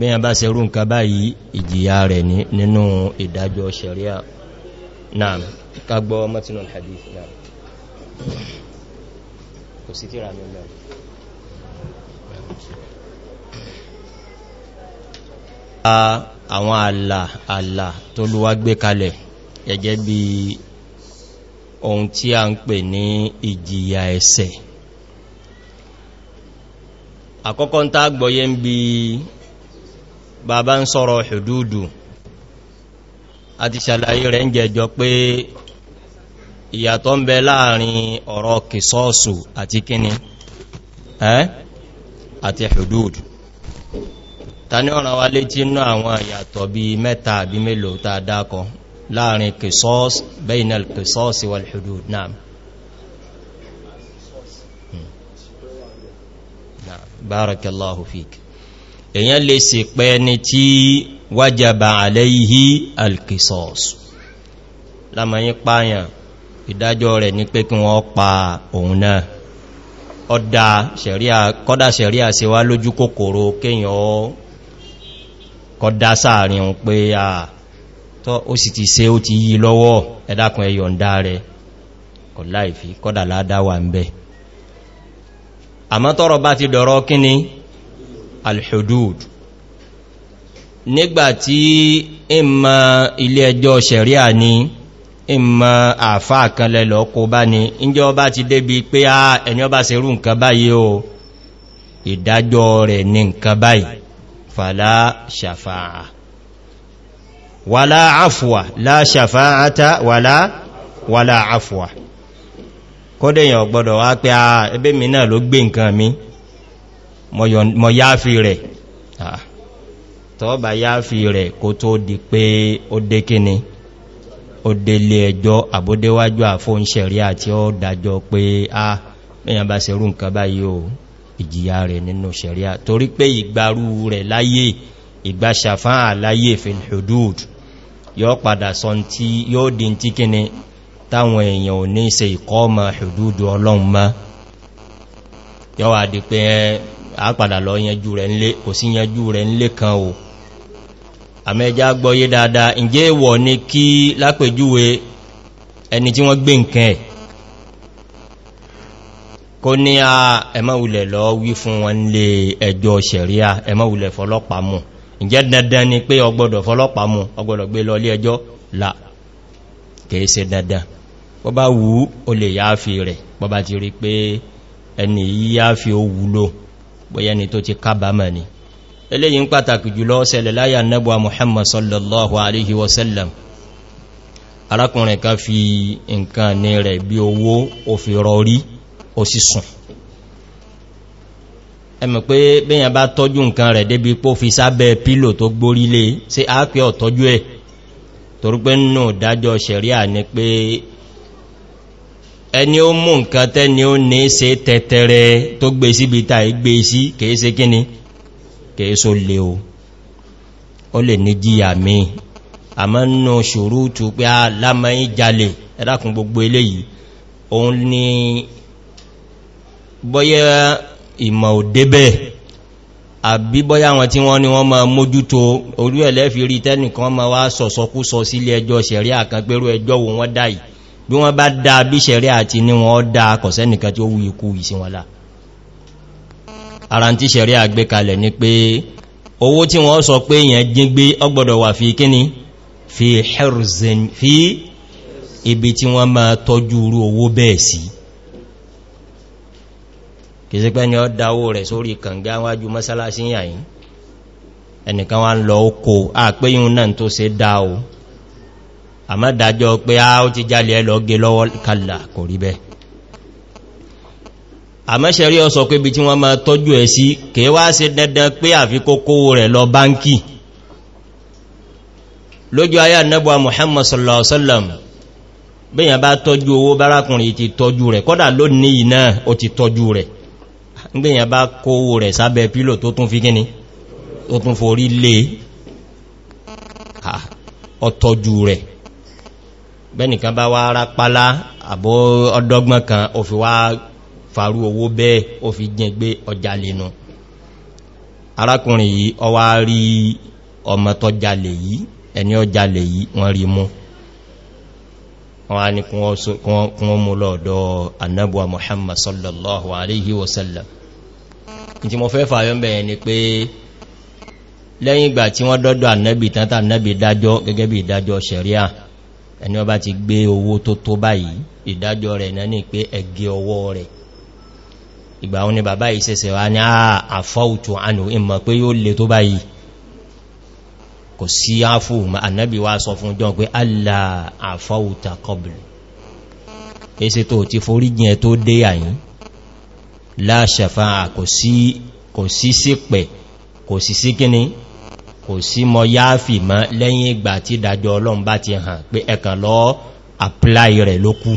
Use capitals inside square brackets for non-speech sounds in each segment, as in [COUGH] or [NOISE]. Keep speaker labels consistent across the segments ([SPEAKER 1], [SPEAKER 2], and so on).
[SPEAKER 1] bí i bá ṣerú nǹkan báyìí ìjìyà rẹ̀ nínú ìdájọ́ sharia náà kagbọ́ mọ́tínà hadith náà kò sí tíra mẹ́lẹ̀ àwọn àlà àlà tó lúwá gbé kalẹ̀ gẹ́gẹ́ bí ohun tí a ń pè ní ìjìyà ẹ̀ṣẹ̀ àkọ́kọ́ ń tá gbọ́yé ń bí i bàbá ń sọ̀rọ̀ hududu a ti ṣàlàyé rẹ̀ ń jẹjọ pé ìyàtọ̀ ń bẹ láàrin ọ̀rọ̀ kìsọ́ọ̀sù àti kíni ẹ́ àti hududu ta ní ọ̀rọ̀ wa lé tí náà àwọn ìyàtọ̀ bí mẹ́ta àbí mélòó ta dákọ láàrin kìsọ́ọ̀sì wal hudud hmm. naam barakallahu èyàn lè sì pẹ ẹni tí wájàbà àlẹ́yìí alkisọ́s lámàáyí pààyàn ìdájọ́ rẹ̀ ní pé kí wọ́n pa òun náà ọdá kọ́dá sẹ̀ríà sí wá lójú kòkòrò kéyàn kọ́dá sáàrin òun pé à tọ́ ó sì ti se ó ti yí lọ́wọ́ ẹ̀dàkùn ẹyọ̀ndá rẹ̀ kọ̀ kọ́dà ládáwà ń bẹ̀ àmọ́ tọ́rọ bá ti dọ̀rọ kíni alhudud nígbàtí ìmọ̀ ilé ẹjọ́ sẹ̀ríà ni ìmọ̀ àfá àkànlẹ̀lọ kó bá ní ìjọ bá ti débi pé a ẹni ọba ṣe rú nǹkan báyìí o ìdájọ́ rẹ̀ ní nǹkan báyìí fàlá ṣàfàá wàlá àfùwà láṣàfáàtà wàlá wàlá àfùwà kọ́dẹ̀yàn ọ̀gbọ́dọ̀ wá pé a ẹbẹ́ mi náà ló gbé nǹkan mi mọ̀ yááfí rẹ̀ tọ́ọ̀bà yááfí rẹ̀ kó tó di pé ó dé kíni ó délé ẹjọ́ àbódéwájú àfóúnṣẹ̀rí àti ó dájọ́ pé a mẹ́yàn bá ṣerú nǹkan báyìí o ìjìyà rẹ̀ nínú ṣẹ̀ríà torí pé ìgbàrú rẹ̀ láyé ìgbàṣàfáà láyé fil hudud yóò padà sọ tí yóò di tí kíni táwọn èèyàn ò ní ṣe ìkọ́ ọmọ hudud ọlọ́run má yóò di pé a padà lọ yanjú rẹ̀ nlé kò sí yanjú rẹ̀ nlé kan o àmẹ́já gbọ́yé dáadáa ǹjẹ́ ìwọ̀ ni kí lápèjúwe ẹni tí wọ́n gbé nǹkan ẹ̀ kó ní a ẹmọ́wulẹ̀ lọ wí fún wọn lè ẹjọ́ sẹ̀ríà ẹmọ́wulẹ̀ fọlọ́pàámù ǹjẹ́ dandan ni pé la kìí ṣe dandan bọ́ bá wú o lè yááfi rẹ̀ bọ́ ó wúlò bóyá ni tó ti kábàmà ni eléyìn pàtàkì jùlọ ṣẹlẹ̀ láyé annabuwa muhammad sallallahu alaihi wasallam arákùnrin ká fi nǹkan ní rẹ̀ bí owó òfin rọrí ó sì sùn ẹmọ̀ pé bíyàn bá tọ́jú nǹkan rẹ̀ débi pó fi sábẹ́ pílò tó gbórílé sí àápẹ́ ọ̀tọ́jú ẹ̀ torípé nù dájọ́ sẹ̀ríà ni pé ẹni ó mú nǹkan tẹ́ni ó ní ṣe tẹ́tẹ́rẹ tó gbé síbi tàí gbé sí kìí ṣe kíni kìí so lè o ó lè ní jíyà mi a mọ́ nù ṣòro tó pé a lámọ́í jalè ẹ̀dàkùn gbogbo eléyìí òun ni bọ́yẹ́ ìmọ̀ òdébẹ̀ àbí bọ́yá wọn tí wọ́n ni wọ́n ma mójútó orú ẹ̀lẹ́fì tẹ́nìkan ma wá sọ̀sọ̀kú sọ sílé ẹjọ́ sẹ̀rí àkàgbérú ẹjọ́ wo wọ́n bí wọ́n bá dáa bí ṣẹ̀rí àti ní wọ́n dá kọ̀sẹ́nìkan tí ó wú ikú ìsinwàlá ara ti ṣẹ̀rí àgbékalẹ̀ ni pé owó tí wọ́n sọ pé èyàn jíngbé ọgbọ̀dọ̀ wà fi ni fi herzin fi ibi tí wọ́n máa tọ́jú rú owó bẹ́ẹ̀ sí ni ọ àmádájọ́ pé a ó ti jálẹ̀ ẹ lọ gé lọ́wọ́ kàlà kò rí bẹ́ àmẹ́ṣẹ̀rí ọ sọ pé bí tí wọ́n máa tọ́jú ẹ̀ sí kèé wá sí dandan pé àfi rẹ̀ lọ báńkì lójú ayé annabuwa muhammad sallallahu alaihi wasallam bíyàn bá tọ́jú owó bárakùnrin ti tọ́jú rẹ̀ kọ́dà lónìí náà ó ti tọ́jú rẹ̀ gbíyàn bá kówó rẹ̀ e, rẹ̀ bẹ́nìkan bá wá ara pálá àbó ọdọ́gbọ́n kan ó fi wá farú owó bẹ́ẹ̀ ó fi jẹ́ gbé ọjà lẹ́nu arákùnrin yìí ọ wá rí ọmọ tó jalè yìí ẹni ó jalè yìí wọ́n rí mú wọ́n ni kún wọ́n muhammad sallallahu alaihi wasallam tí mo fẹ́ fàyọ́ bẹ̀yẹn ni pé lẹ́yìn ìgbà tí wọ́n dọ́dọ̀ annabi tán tán dájọ́ gẹ́gẹ́ bí ìdájọ́ sharia ẹni ọba ti gbé owó tó tó báyìí ìdájọ́ rẹ̀ náà ní pé ẹgẹ́ ọwọ́ rẹ̀ ìgbà wọn ni bàbá ìṣẹ́sẹ̀ wá ní àfọ́ùtù ànù ìmọ̀ pé yóò lè tó báyìí kò sí áfù annabi wá sọ fún jọ pé allá àfọ́ùtà kò sí mọ yááfì mọ́ lẹ́yìn ìgbà tí ìdájọ́ ọlọ́run bá ti hàn pé ẹ̀kàn lọ apply rẹ̀ ló kú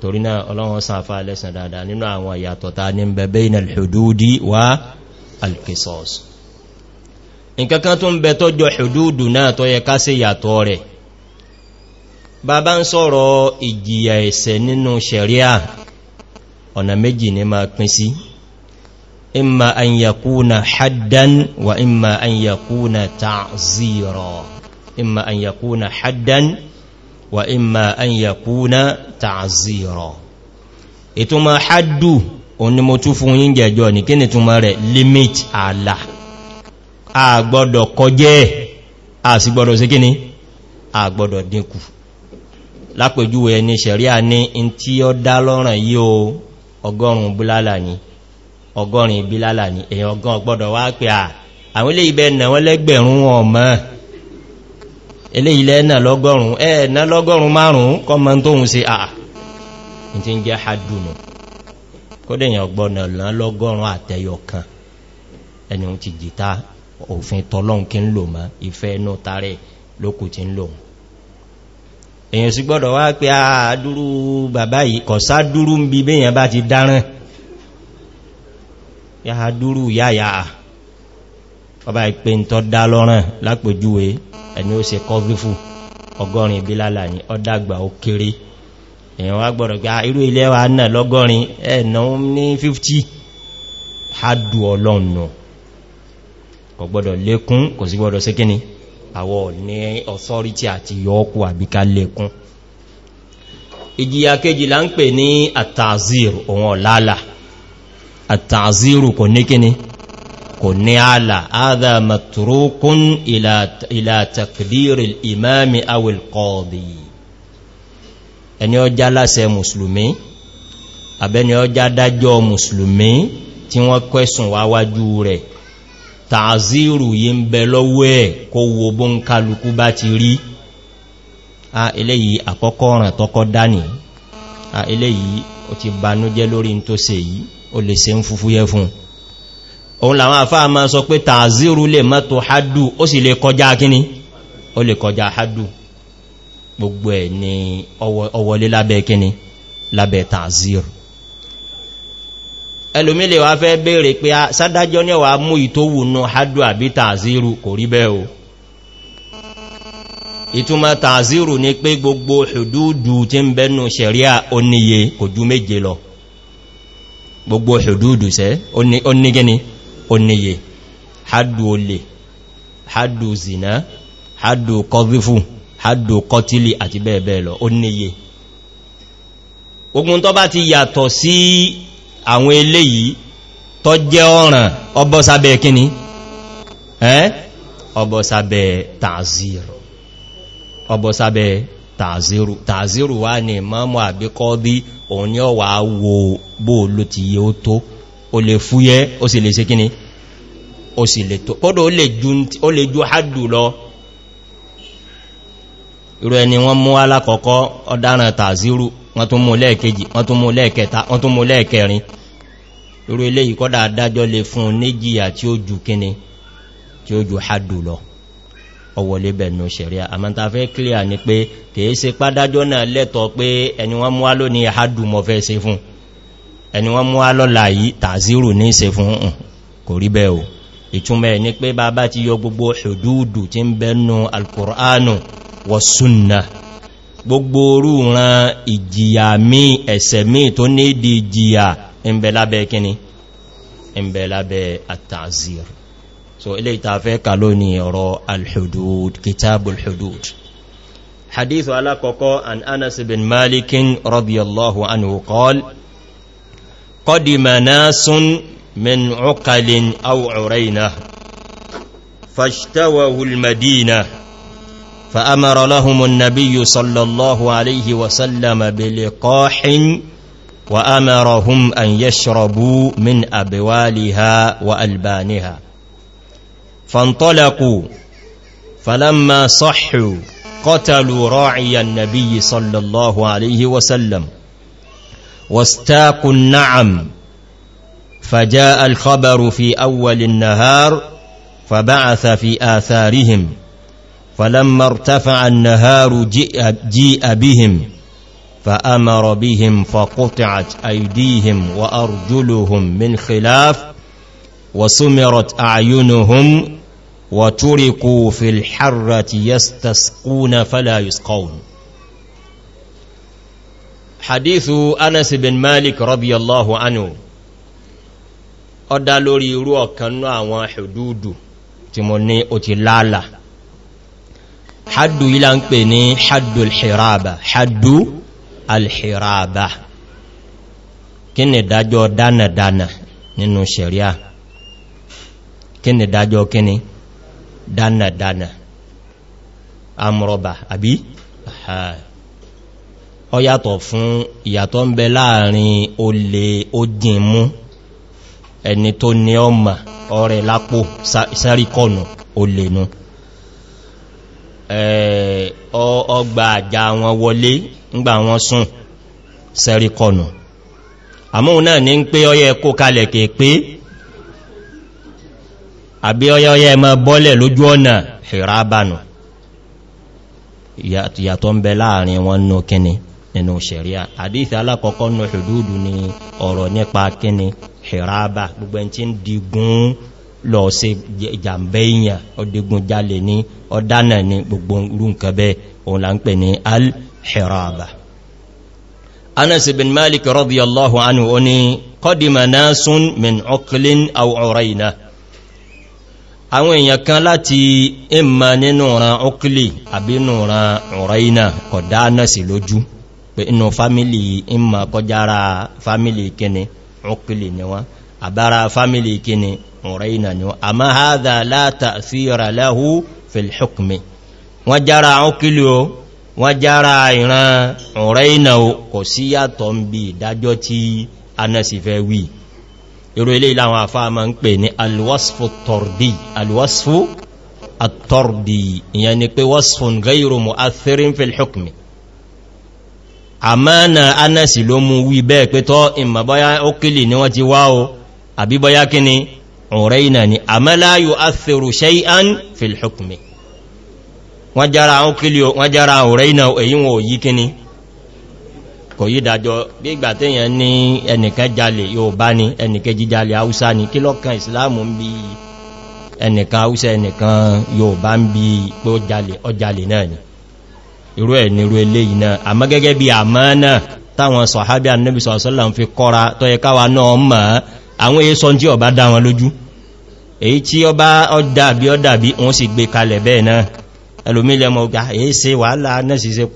[SPEAKER 1] torí náà ọlọ́run sáfà lẹ́sàn dáadáa nínú àwọn ìyàtọ̀ta ní bẹ̀bẹ̀ iná alhududi wa alkisos nkankan tó ń bẹ tọ́jọ hududu náà tó yẹ ká sí yàtọ̀ rẹ̀ bàbá ń sọ̀rọ̀ ìjìyà ẹ̀sẹ̀ nínú ṣẹ̀ríà ọ̀nà méjì ní máa pín sí imma an yakuna haddan wa imma an yakuna ta'zira imma an yakuna haddan wa imma an yakuna ta'zira ìtumọ̀ haddu òun ni mo tún fún yín jẹjọ ní kí ni túnmọ̀ rẹ̀ limit àlà a gbọ́dọ̀ kọjẹ́ a sì gbọ́dọ̀ sí kíni a gbọ́dọ̀ dínkù lápẹjúwẹ́ ní sẹ̀ríà ní in tí ó dá lọ́rùn yí o ọgọ́rùn-ún ni ọgọ́rin ìbílálà ní èyàn ọgán ọgbọ́dọ̀ wá pé à àwọn ilé ibẹ̀ nà wọ́n lẹ́gbẹ̀rún wọn mọ́ ilé ilẹ̀ ẹ̀nà lọ́gọ́rùn ẹ̀ẹ̀nà lọ́gọ́rùn márùn-ún kọmọ tóhun sí à tí ń jẹ́ hadùnù kódèyàn ọgbọ́nà lọ lọ́gọ́rùn àtẹyọ kan ẹni ti jìta òfin tọ́lọ́un kí ń lò mọ́ ìfẹ́ inú tarẹ̀ lókù ti èyàn sì gbọ́dọ̀ wá pé àádúrú bàbá yìí kọ̀sá dúrú ń bí bẹ́yàn bá ti dáràn ya dúrú ya ya bàbá ìpé ń tọ́ dá lọ́rán lápòjúwé ẹni ó se kọ́vífù ọgọ́rin bí lálà ní ọdágbà ó kéré èyàn wá gbọ́dọ̀ pé ah, irú ilé wa náà lọ́gọ́rin ẹ̀nà ní 50 hadu ọlọ́nà kò gbọ́dọ̀ lékún kò sí gbọ́dọ̀ sí kíni àwọ̀ ní authority àti yọ́ọ̀kù àbíká lékún ìjìyà kejì là ń pè ní àtàzír òun ọ̀lálàá àtàzírù kò ní kíni kò ní ààlà áàdà matrukun ila takdiri imami awil qadi ẹni ọjá lásẹ musulmi àbẹni ọjá dájọ́ musulmi tí wọ́n kwẹ́sùn wá wájú rẹ̀ tàzírù yí ń bẹ lọ́wọ́ ẹ̀ kó wo bó ń kálukú bá ti rí a àkọ́kọ́ ọ̀ràn tọ́kọ́ dání a ó ti banújẹ́ lórí ń tó se yìí o lè se ń fúfú yẹ fún òun làwọn àfáà máa sọ pé tààzírù lè mọ́tò hadu ó sì lè kọjá kíní ó lè kọjá hadu gbogbo ẹ̀ ni ọwọlé lábẹ́ kíní lábẹ́ tààzírù ẹlòmí lè wá fẹ́ bèèrè pé sádájọ́ ní ọwà mú ìtòwù náà hadu àbí tààzírù kò rí bẹ́ẹ̀ o ìtumà tààzírù ni pé gbogbo hududu tí ń bẹnu ṣẹ̀ríà oníye kò ju méje lọ gbogbo ṣòdúdù sẹ́ ó ní gẹ́ni ó níye haddu olè haddu zina haddu kọfífù haddu kọtílì àti bẹ́ẹ̀bẹ́ẹ̀ lọ ó níye ogun tó bá ti yàtọ̀ sí àwọn eléyìí tó jẹ́ ọ̀ràn ọbọ́sábẹ̀ kíni ọbọ́sábẹ̀ tààzírù ọbọ́sábẹ̀ tààzírù wá ní mọ́mọ́ àbíkọ́ bí òun ni ọ wà wo bó ló ti yẹ ó tó o lè fúyẹ́ ó sì lè ṣe kíni ó sì lè tó kọ́dọ̀ ó lè ju hádù lọ irú ẹni wọ́n mú alákọ̀ọ́kọ́ ọ̀daràn tàzírù wọ́n tún mú lẹ́ẹ̀kejì wọ́n tún mú lẹ́ẹ̀kẹta wọ́n tún mú lẹ́ẹ̀kẹrin irú ilé ìkọ́dà adájọ́ lè fún níjìyà tí ó ju kíni tí ó ju hádù lọ ọwọ̀lé bẹ̀nù ṣẹ̀ríà àmọ́ta fẹ́ kílíà ní pé kìí ṣe pádájọ́ náà lẹ́tọ̀ pé ẹni wọ́n mú alọ́ ní àádù mọ́ fẹ́ ṣe fún ẹni wọ́n mú alọ́ láyí tàzírù ní ṣe fún kò rí bẹ́ o ìtumẹ̀ ní pé bàbá ti yọ gbogbo ṣòdúdù tí ń bẹ́nu alkùránù wọ́súnnà gbogbo rúran ìjìyà mí ẹ̀sẹ̀ mí tó ní ìdí ìjìyà ń bẹ lábẹ́ kíni ń bẹ lábẹ́ àtàzírù so ilé ìtafẹ́ kà lónìí ọ̀rọ̀ al-hudud kitabu al-hudud hadithu alakọ̀kọ́ an anas bin malikin radiyallahu anhu qol qadima nasun min uqalin aw uraina fashtawahu al-madina فأمر لهم النبي صلى الله عليه وسلم بلقاح وأمرهم أن يشربوا من أبوالها وألبانها فانطلقوا فلما صحوا قتلوا راعي النبي صلى الله عليه وسلم واستاقوا النعم فجاء الخبر في أول النهار فبعث في آثارهم فلما ارتفع النهار جيء, جيء بهم فأمر بهم فقطعت أيديهم وأرجلهم من خلاف وسمرت أعينهم وتركوا في الحرة يستسقون فلا يسقون حديث أنس بن مالك رضي الله عنه ọdá lórí irú ọ̀kanú àwọn ṣùdúdù tí mo ní o ti lálà haddu ilá ń pè ní haddu alhiraba haddu alhiraba kí ni dájọ́ dánadánà nínú ṣẹ̀ríà kí ni dájọ́ kí ni dana amrọ̀bà àbí ọ yàtọ̀ fún ìyàtọ̀ ń bẹ láàrin olè ojìn mú ẹni tó ní ọmọ lapo lápò sáríkọ̀nù olè nù ọgbà àjà wọn wọlé ńgbà wọn sùn sáríkọ̀nù àmóhun náà ní ń pé ọyẹ kó kalẹ̀ kèé pé àbí ọyọ́yẹ́ ẹmọ bọ́lẹ̀ lójú ọ̀nà ìrábànù ìyàtọ̀ ń bẹ láàrin wọn nù kíni nínú ṣẹ̀ríà àdíìsì alákọ̀ọ́kọ́ nù ṣùdúdù ni ọ̀rọ̀ nípa kíni ìrábà gbogbo ẹn tí ń digun lọ sí ìjàmbẹ́ èèyàn ọdígun jalè ní ọdánà ní gbogbo irú nǹkan bẹ́ òun là ń àwọn èèyàn kan láti ẹmà nínú ran ọkìlì àbí nínú ran ọ̀rẹ́ìnà kọ̀dá náà sí lójú pé inú fámílì ẹmà kọjára fámílì kíni ọkìlì ni wọ́n àbára fámílì kíni ọ̀rẹ́ìnà ni wọ́n àmá hádà látà sí ìrànlẹ́hù fìlhùkmi irú ilé ìlànà àfá ma ń pè ní alwasfu tọ́rdì alwasfu àtọ́rdì ìyẹn ni pé wasfun gairu mu athirin fil hukmi àmánà anẹ́sì ló mú wí bẹ́ẹ̀ pé tọ́ ìmọ̀bọ́yá ókìlì ni wọ́n ti wá o àbíbọ́yá kí ni ọ̀rẹ́ ìnà ni àmẹ́láyò athiru shay'an fil hukmi wọ́n jára ọ̀rẹ́ ìnà èyí wọn yí kí ni kò yí dájọ́ bí ìgbà tẹ́yàn ní ẹnìkan jalè Yorùbá ni ẹnìkejì jalè Haúsá ni kí lọ́kàn ìsìláàmù ń bí ẹnìkan Haúsá ẹnìkan Yorùbá ń bí pé ó jalè ó jalè náà ni irú ẹ̀ nírú eléyìí náà àmọ́ gẹ́gẹ́ bí àmọ́ náà táwọn sọ̀hábí annabi sọ̀sọ́lá ń fi kọ́ra tó yẹ káwà náà mọ̀ àwọn èso tí ọba dá wọn lójú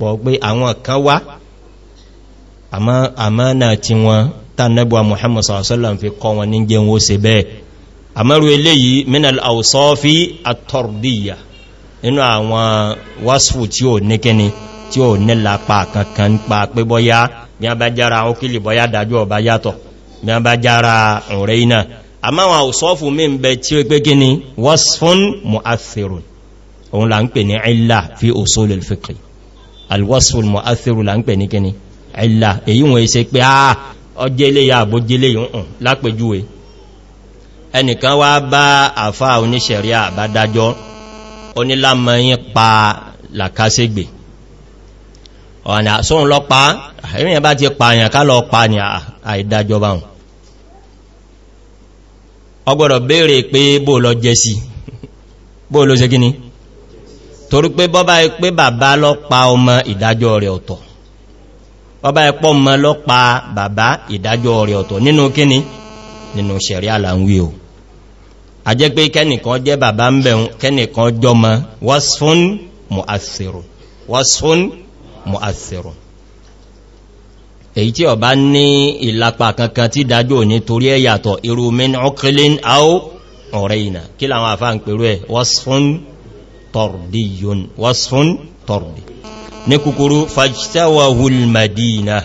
[SPEAKER 1] pọ̀ pé àwọn kan wá àmánà tí wọn tánàbíwa muhammad sallallahu fi kọ wọn ní jẹun ó se bẹ́ẹ̀ àmọ́rù eléyìí minal àwùsọ́fí àtọ̀rọ̀díyà inú àwọn wasfu tí ó ní kíni tí ó ní lápá kankan pa pé bọ́yá bí a bá jára àwọn kílì bọ́yá dájú ọba yàtọ̀ bí a bá jára ọ̀rẹ́ iná àmáwọn àwùsọ́fù mí ń bẹ tí ó pé kíni wasfun mu'athirun òun là ń pè ní ilá fi òsólè fìkì alwasfun mu'athirun là ń pè ní kíni ẹ̀là èyí wọ́n èsẹ pé àà ọjẹ́lé ya àbójẹ́lé yùn lápẹjúwe ẹnìkan wá bá àfá oníṣẹ̀ríà bá dájọ́ onílámọ́yín pa làkáségbè ọ̀nà sóhun lọ pa ẹ̀rìn bá ti pa àyàn ká lọ pa ní àìdájọ́ báhùn ọgbọ̀rọ̀ béèrè pé bó lọ jẹ sí [LAUGHS] bó ló ṣe gíní torí pé bọ́bá pé bàbá lọ pa ọmọ ìdájọ́ rẹ̀ ọ̀tọ̀ bàbá ẹpọ́ mọ́ lọ́pa bàbá ìdájọ́ rẹ̀ ọ̀tọ̀ nínú kíni nínú sẹ̀rí àlàwí o a jẹ́ pé kẹ́nìkan jẹ́ bàbá ń bẹ̀rún kẹ́nìkan jọmọ wasfún mu'athirun wasfún mu'athirun èyí tí ọba ní ìlàpà kankan tí dájò ní torí ẹ̀yàtọ̀ irú min ọkìlín áó ọ̀rẹ́ ìnà kí láwọn àfáà ń ní kúkúrú fajtawahul madina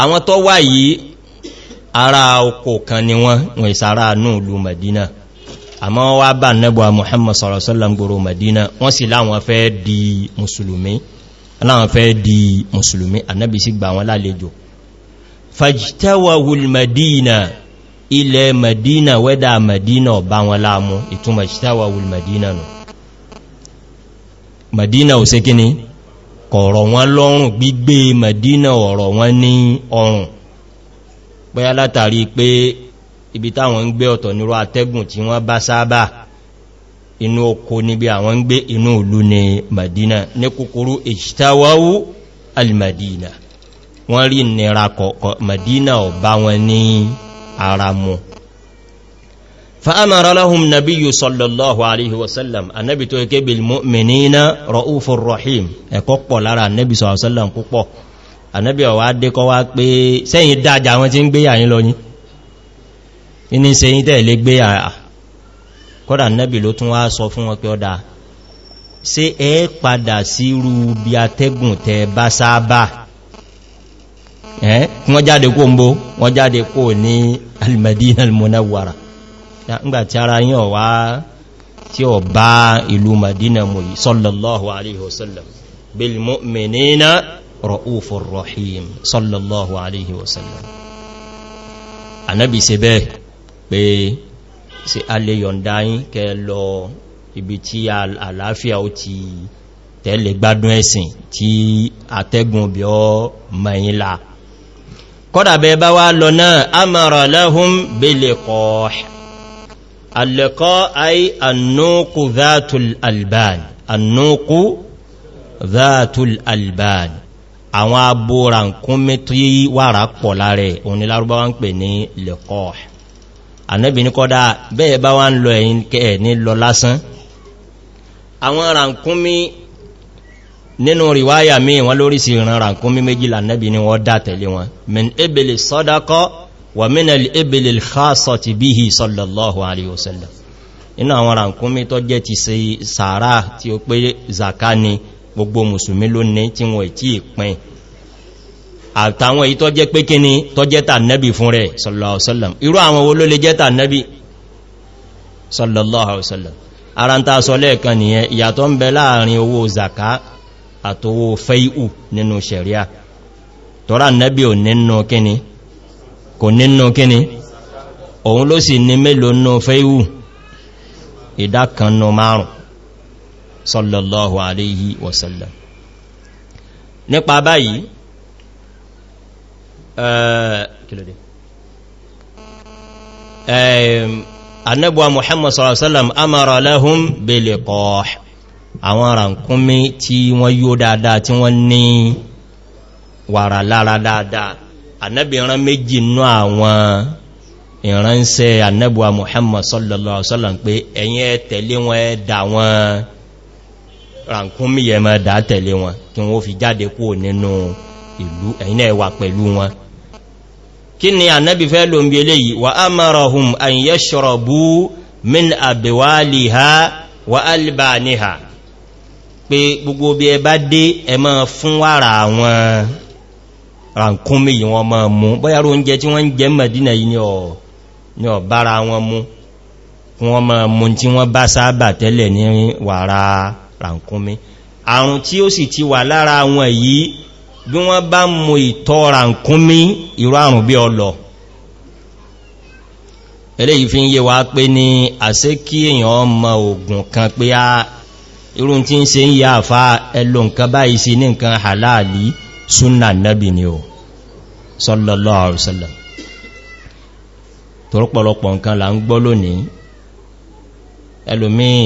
[SPEAKER 1] àwọn tó wà yìí ara oko kan ni wọ́n wọ́n ìsára núùlù madina àmọ́ wá bá nẹ́bọ̀ muhammad sọ̀rọ̀sọ́lọ́m gbòrò madina wọ́n sì láwọn fẹ́ di musulumi aláwọn fẹ́ di musulumi annabi sì gbà wọn lálejò fajtawahul madina ilẹ̀ madina wẹ́dà madina ọba wọn láàmú ìtún fajtawahul madina nù madina ò sí kíní kọ̀rọ̀ wọn lọ́rùn gbígbé mẹ̀dínà ọ̀rọ̀ wọn ní ọrùn bóyá látàrí pé ibi táwọn ń gbé ọ̀tọ̀ nírò atẹ́gùn tí wọ́n bá sáábà inú oko níbi àwọn ń gbé inú ìlú ní mẹ̀dínà ní kúkúrú ìṣtáwáwú almadina wọ́n rí nira kọ̀ọ̀kọ̀ mẹ̀dínà ọ̀bá wọn ní ara mu fa'amara lahum nabiyyu sallallahu alaihi wasallam annabi tó yake bil mu'minina ra'ufur rahim ẹ̀kọ́ pọ̀ lára annabi sallallahu alaihi wasallam púpọ̀ annabi ọ̀wá dékọ́ wá pé sẹ́yìn dájà wọn tí ń gbé yàyìn lọ yìí ní sẹ́yìn tẹ́ lè gbé yàyà kọ́dà annabi ló tún wá sọ fún wọn pé ọdá ṣé ẹ padà sírú bí atẹ́gùn tẹ bá sáábà wọ́n jáde kó ń bó wọ́n jáde kó ní al-Madina al-Munawwara al nígbàtí ara yíò wá tí ó bá ìlú madina mọ̀yí sallallahu alaihi wasallam bil mu'minina ra'ufur rahim sallallahu alaihi wasallam anabi ṣe bẹ́ẹ̀ pé sí alẹ́ yọ̀nda yín kẹ lọ ibi tí àlàáfíà ó ti tẹ́lẹ̀ gbádùn ẹ̀sìn tí atẹ́gùn bí ọ mẹ́yìnlá kọ́dàbẹ̀ bá wá lọ náà amara lahum bil liqa' اللقاء أي النوق ذات الألبان النوق ذات الألبان àwọn abúra nkún mẹ́tí wàrà pọ̀ lárẹ̀ òní lárúbá wá ń pè ní lẹ́kọ́ ànẹ́bì ní kọ́dá bẹ́ẹ̀ bá wá ń lọ ẹ̀yìn kẹ́ẹ̀ ní lọ lásán àwọn ràǹkúnmí nínú ríwáyà míì wọ́n lórí sí ìran ràǹkúnmí méjìlá ànẹ́bì ní wọ́n dá wọn min ebele sọ́dákọ́ wa min al-ibil al-khassati bihi sallallahu alayhi wa sallam inú àwọn ràkúnmí tó jẹ́ ti ṣe sàárà tí ó pé zaka ni gbogbo mùsùlùmí ló ní tí wọ́n tí ìpín àtàwọn èyí tó jẹ́ pé kí ni tó jẹ́ tà nẹ́bì fún rẹ̀ sallallahu alayhi wa sallam irú àwọn wo kò nínú kíni òun ló sì ní mélòó nú fẹ́ìwù ìdákanú márùn sallallahu alayhi wasallam nípa báyìí eh, kílòdé annabuwa ehm, muhammad sallallahu alayhi wasallam amara lahum biliqah àwọn ràkúnmí tí wọ́n yóò dáadáa tí wọ́n ní wàrà lára dáadáa annabi ran méjì nú àwọn ìránṣẹ́ annabuwa muhammad sallallahu alaihi wasallam pé ẹ̀yin ẹ tẹ̀lé wọn ẹ dà wọn ràǹkúnmí yẹmọ dà tẹ̀lé wọn kí wọ́n fi jáde kúrò nínú ìlú ẹ̀yin ẹ wà pẹ̀lú wọn kí ni annabi fẹ́ ló ń bí wa amarahum an yashrabu min abwaliha wa albaniha pé gbogbo bí ẹ bá dé ẹ máa fún wàrà àwọn ràǹkúnmí yìí wọ́n máa mú bóyáró oúnjẹ tí wọ́n ń jẹ mẹ́dínà yìí ní ọ̀bára wọn mú wọ́n máa mú tí wọ́n bá sáábà tẹ́lẹ̀ ní wàrà ràǹkúnmí àrùn tí ó sì ti wà lára wọn yìí bí wọ́n bá mú ìtọ́ ràǹkúnmí ìrọ àrùn bí ọlọ̀ eléyìí fi ń yé súnà nẹ́bì ni o sallallahu alaihi wasallam torópọ̀lọpọ̀ nǹkan là ń gbọ́ lónìí ẹlòmíì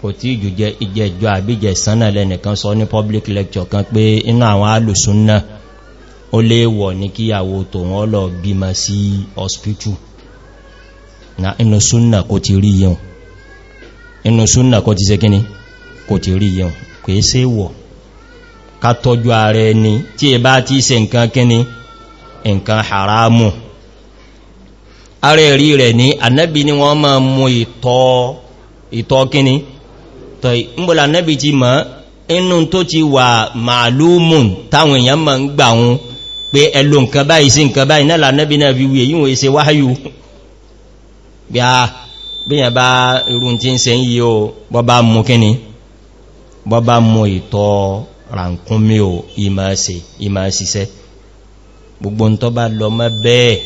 [SPEAKER 1] kò tí ìjùjẹ ìjẹjọ àbíjẹ sánà lẹ́nìkan sọ ní public lecture kan pé inú àwọn alùsúnnà ó léèwọ̀ ní kíyàwó tòun ọlọ̀ bímọ sí hospital na inú suna kò ti rí yẹun inú súnnà kò ti se kíní kò ti rí yẹun kò é ká ààrẹ ni tí è bá ti ṣe nǹkan kíni nǹkan haramu ààrẹ rí rẹ̀ ní anẹ́bí ni wọ́n máa mú ìtọ́ kíni tọ́ ìgbòlà anẹ́bí ti mọ́ inú tó ti wà màálùmùn táwọn èèyàn máa ń gbà wọn pé ẹlò nǹkan báyìí sí nǹkan báyìí náà lànẹ́bí náà fi wuyè yíwọ̀n èsẹ wáyú bọ́bá mú ìtọ́ ràǹkúnmí ò ìmá ṣiṣẹ́ gbogbo ń tọ́ bá lọ mọ́ bẹ́ẹ̀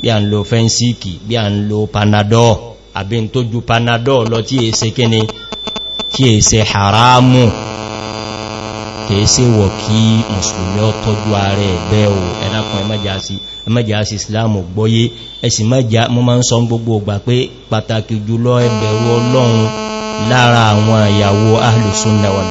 [SPEAKER 1] bí a ń lo fẹ́ǹsíkì bí a ń lo panadol àbí ń tó ju panadol lọ tí èsẹ kíni tí èsẹ haramu kèése wọ̀ kí mùsùlùmí ọ tọ́jú ààrẹ ẹ̀bẹ́ o ẹ̀dàkùn ẹmẹ́jàásí islamu gbọ́yé ẹ̀sì mẹ́jà mọ́ máa ń sọ gbogbo ọgbà pé pàtàkì jùlọ ẹgbẹ̀rú ọlọ́run lára àwọn ìyàwó ahlùsúnnà wal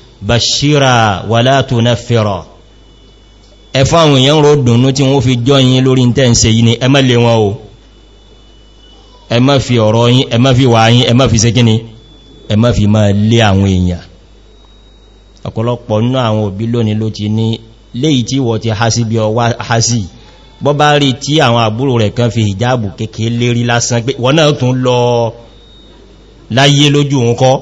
[SPEAKER 1] bashira wàlá tó na fẹ́rọ ẹfọ́ àwọn èèyàn rò dùnnú tí wọ́n fi jọ yín lórí tẹ́ǹsẹ̀ yìí ni ẹmà lè wọn o ẹmà fi ọ̀rọ̀ yín ẹmà fi wà yín ẹmà fi sékíní ẹmà fi máa lé àwọn èèyàn ọ̀pọ̀lọpọ̀ nínú àwọn òbí lónìí ló ti ní léyìí tí wọ́n ti há sí bí ọwá há sí bọ́ bá rí tí àwọn àbúrò rẹ̀ kan fi ìjáàbù kéèkéé lásán pé wọ́n náà tún lọ láyé lójú òun kọ́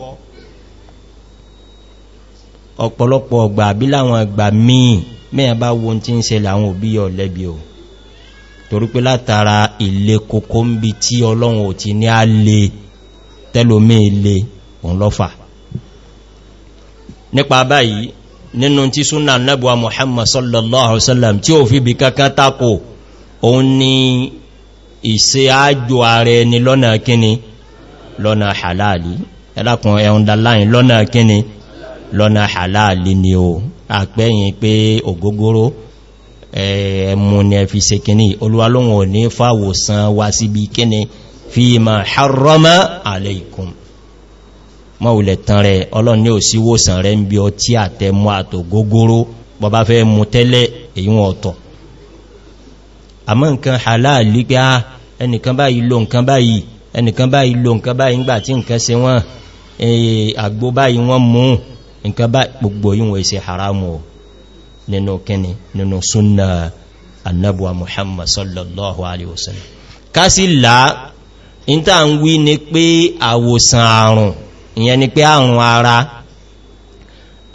[SPEAKER 1] ọ̀pọ̀lọpọ̀ ọgbà àbí láwọn àgbà míì mẹ́yàn bá wo tí ń se làwọn òbí yọ lẹ́bí o torípé látara ilé kòkó ń bí tí ọlọ́run ò ti ní a lè tẹ́lómé ilé òun lọ́fà nípa báyìí nínú tí súnà nẹ́bùwa muhammad sallallahu alaihi wasallam tí ó fi bí kankan tako òun ni ìse ájò ààrẹ halali ẹlákùn ẹ̀hùn dàláyìn lọ́nà lọ́nà àláàlì ni o àpẹ́yìn pé ògógóró ẹ̀mù ni ẹ fi ṣe kìíní olúwalóhun ò ní fàwòsàn wa síbi kíni fi ma harrama aleikum mọ́wùlẹ̀ tán rẹ̀ ọlọ́run ní ò sí wòsàn rẹ̀ ń bí ọ tí àtẹmú àtò gógóró bọba fẹ́ mú tẹ́lẹ̀ èyí wọn ọ̀tọ̀ nǹkan bá gbogbo yíò wọ́n iṣẹ́ haramu o nínú kíni nínú súnnà annabuwa muhammad sallallahu alaihi wasallam kásí là ń tà ń wí ni pé àwòsàn àrùn ìyẹn ni pé àrùn ara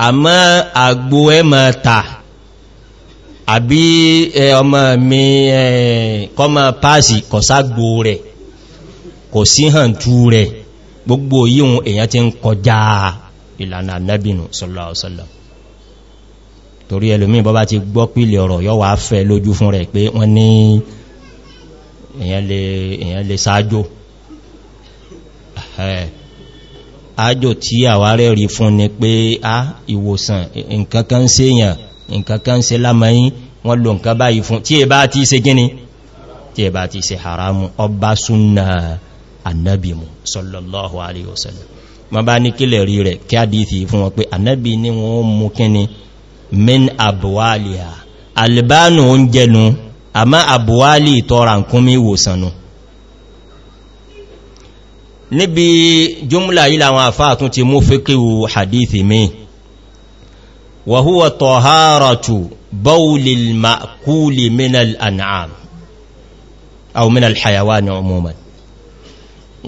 [SPEAKER 1] àmọ́ àgbo ẹ mọ́ ta àbí ọmọ mi kọmọ páàsì kọ̀ságbo rẹ̀ kò sí hàn tú rẹ̀ gbogbo yíò èyàn ti ń kọjá ìlànà ànábìnù sallallahu alaihi wasallam torí ẹlòmí bọ́bá ti gbọ́ pílẹ̀ ọ̀rọ̀ yọ́ wà fẹ́ lójú fún rẹ̀ pé wọ́n ní èyàn lè sáájò àájò tí àwà rẹ̀ rí fún ni pé a ìwòsàn nkankan ṣe èyàn nkankan ṣe lámọ́yìn wọ́n lò nkan báyìí fún tí ẹ bá ti ṣe gíní tí ẹ ti ṣe haramu ọba súnnà annabi sallallahu alaihi wasallam ma bá ní kílẹ̀ rí rẹ̀ kí àdíthì fún wọn pé ànábì ní wọn mú kíni min abuwaliya albanu oúnjẹnu àmá abuwali tọ́ra nkúnmí ìwòsànnù níbi jùmlà yìí làwọn àfáà tún ti mú fíkíwò hadithi mi wàhúwà tọ̀háratu bọ́ulil ma'kúli minal an'am umuman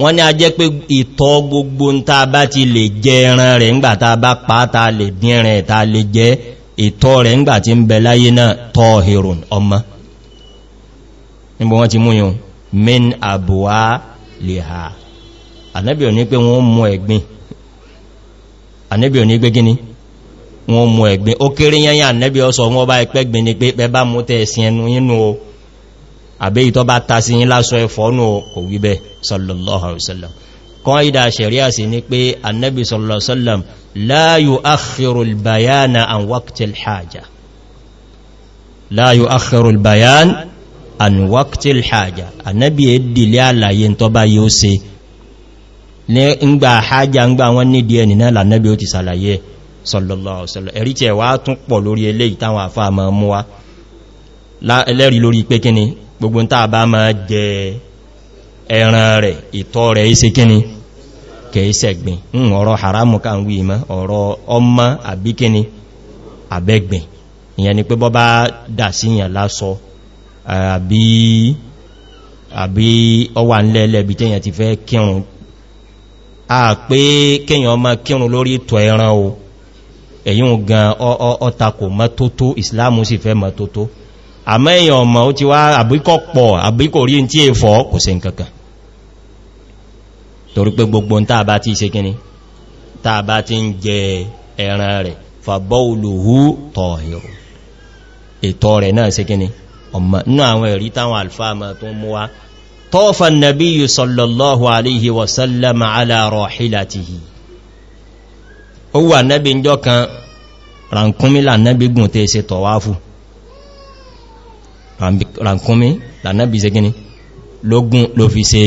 [SPEAKER 1] wọ́n ní a jẹ́ pé ìtọ́ gbogbo ń ta bá ti lè jẹ ẹran rẹ̀ ńgbà ta bá pàátà lè dín rẹ̀ ta lè jẹ ìtọ́ rẹ̀ ńgbà ti ń bẹ láyé náà tọ́ hìrùn ọmọ níbo wọ́n ti mú yùn min àbúwá lè ha ànẹ́bì ò ní pé wọ́n mú ẹ̀gbìn ànẹ́bì ò ní pé gíní wọ́n mú ẹ̀gbìn ó kéré àbẹ́ ìtọ́ bá ta sí yín lásọ ẹfọ́nù kò wíbẹ̀ sallallahu alaihi wasallam kan ìdá ṣẹ̀ríà sí ní pé annabi sallallahu alaihi wasallam la yu'akhkhiru al-bayana an waqti al-haja la yu'akhkhiru al-bayan an waqti al-haja annabi edile àlàyé tó bá yóò ṣe ní ìgbà hajja ń gbà wọ́n nídìí ẹni náà lànàbí ó ti sàlàyé sallallahu alaihi ẹ̀rí tẹ̀ wá tún pọ̀ lórí eléyìí táwọn àfáà máa mú wa ẹlẹ́rìí lórí pé kíni gbogbo ń tàà bá ma jẹ ẹran rẹ̀ ìtọ́ rẹ̀ ìse kíni kẹ̀ẹ́sẹ̀gbìn ń ọ̀rọ̀ haramu ká ń wí ìmọ́ ọ̀rọ̀ ọmọ àbí kíni àbẹ́gbìn ìyẹn ni pé bọ́ bá dà síyàn lásọ àbí àbí ọwà ńlẹ́lẹ́ bí tẹ́yàn ti fẹ́ kírun a pé kíyàn ọmọ kírun lórí o èyí gan ọ́takò mọ́tótó ìsìláàmù sì fẹ́ mọ́tótó àmọ́ èyàn ọmọ ó ti wá àbíkọ́ pọ̀ àbíkò rí tí è fọ́ kò sí nkankan torí pé gbogbo tàà bá ti ṣe kíní tàà bá ti ń jẹ ẹran rẹ̀ fàbọ́ùlùhú tọ̀hìrù ètò rẹ̀ náà ṣe kíní ọmọ inú àwọn ẹ̀rí táwọn alfáàmà tó mú wá tọ́fà nàbí sallallahu alaihi wasallama ala rahilatihi ó wà nábi ń jọ kan rankúnmílà ràǹkúnmí lànàbí ṣe gíní lógún ló fi ṣe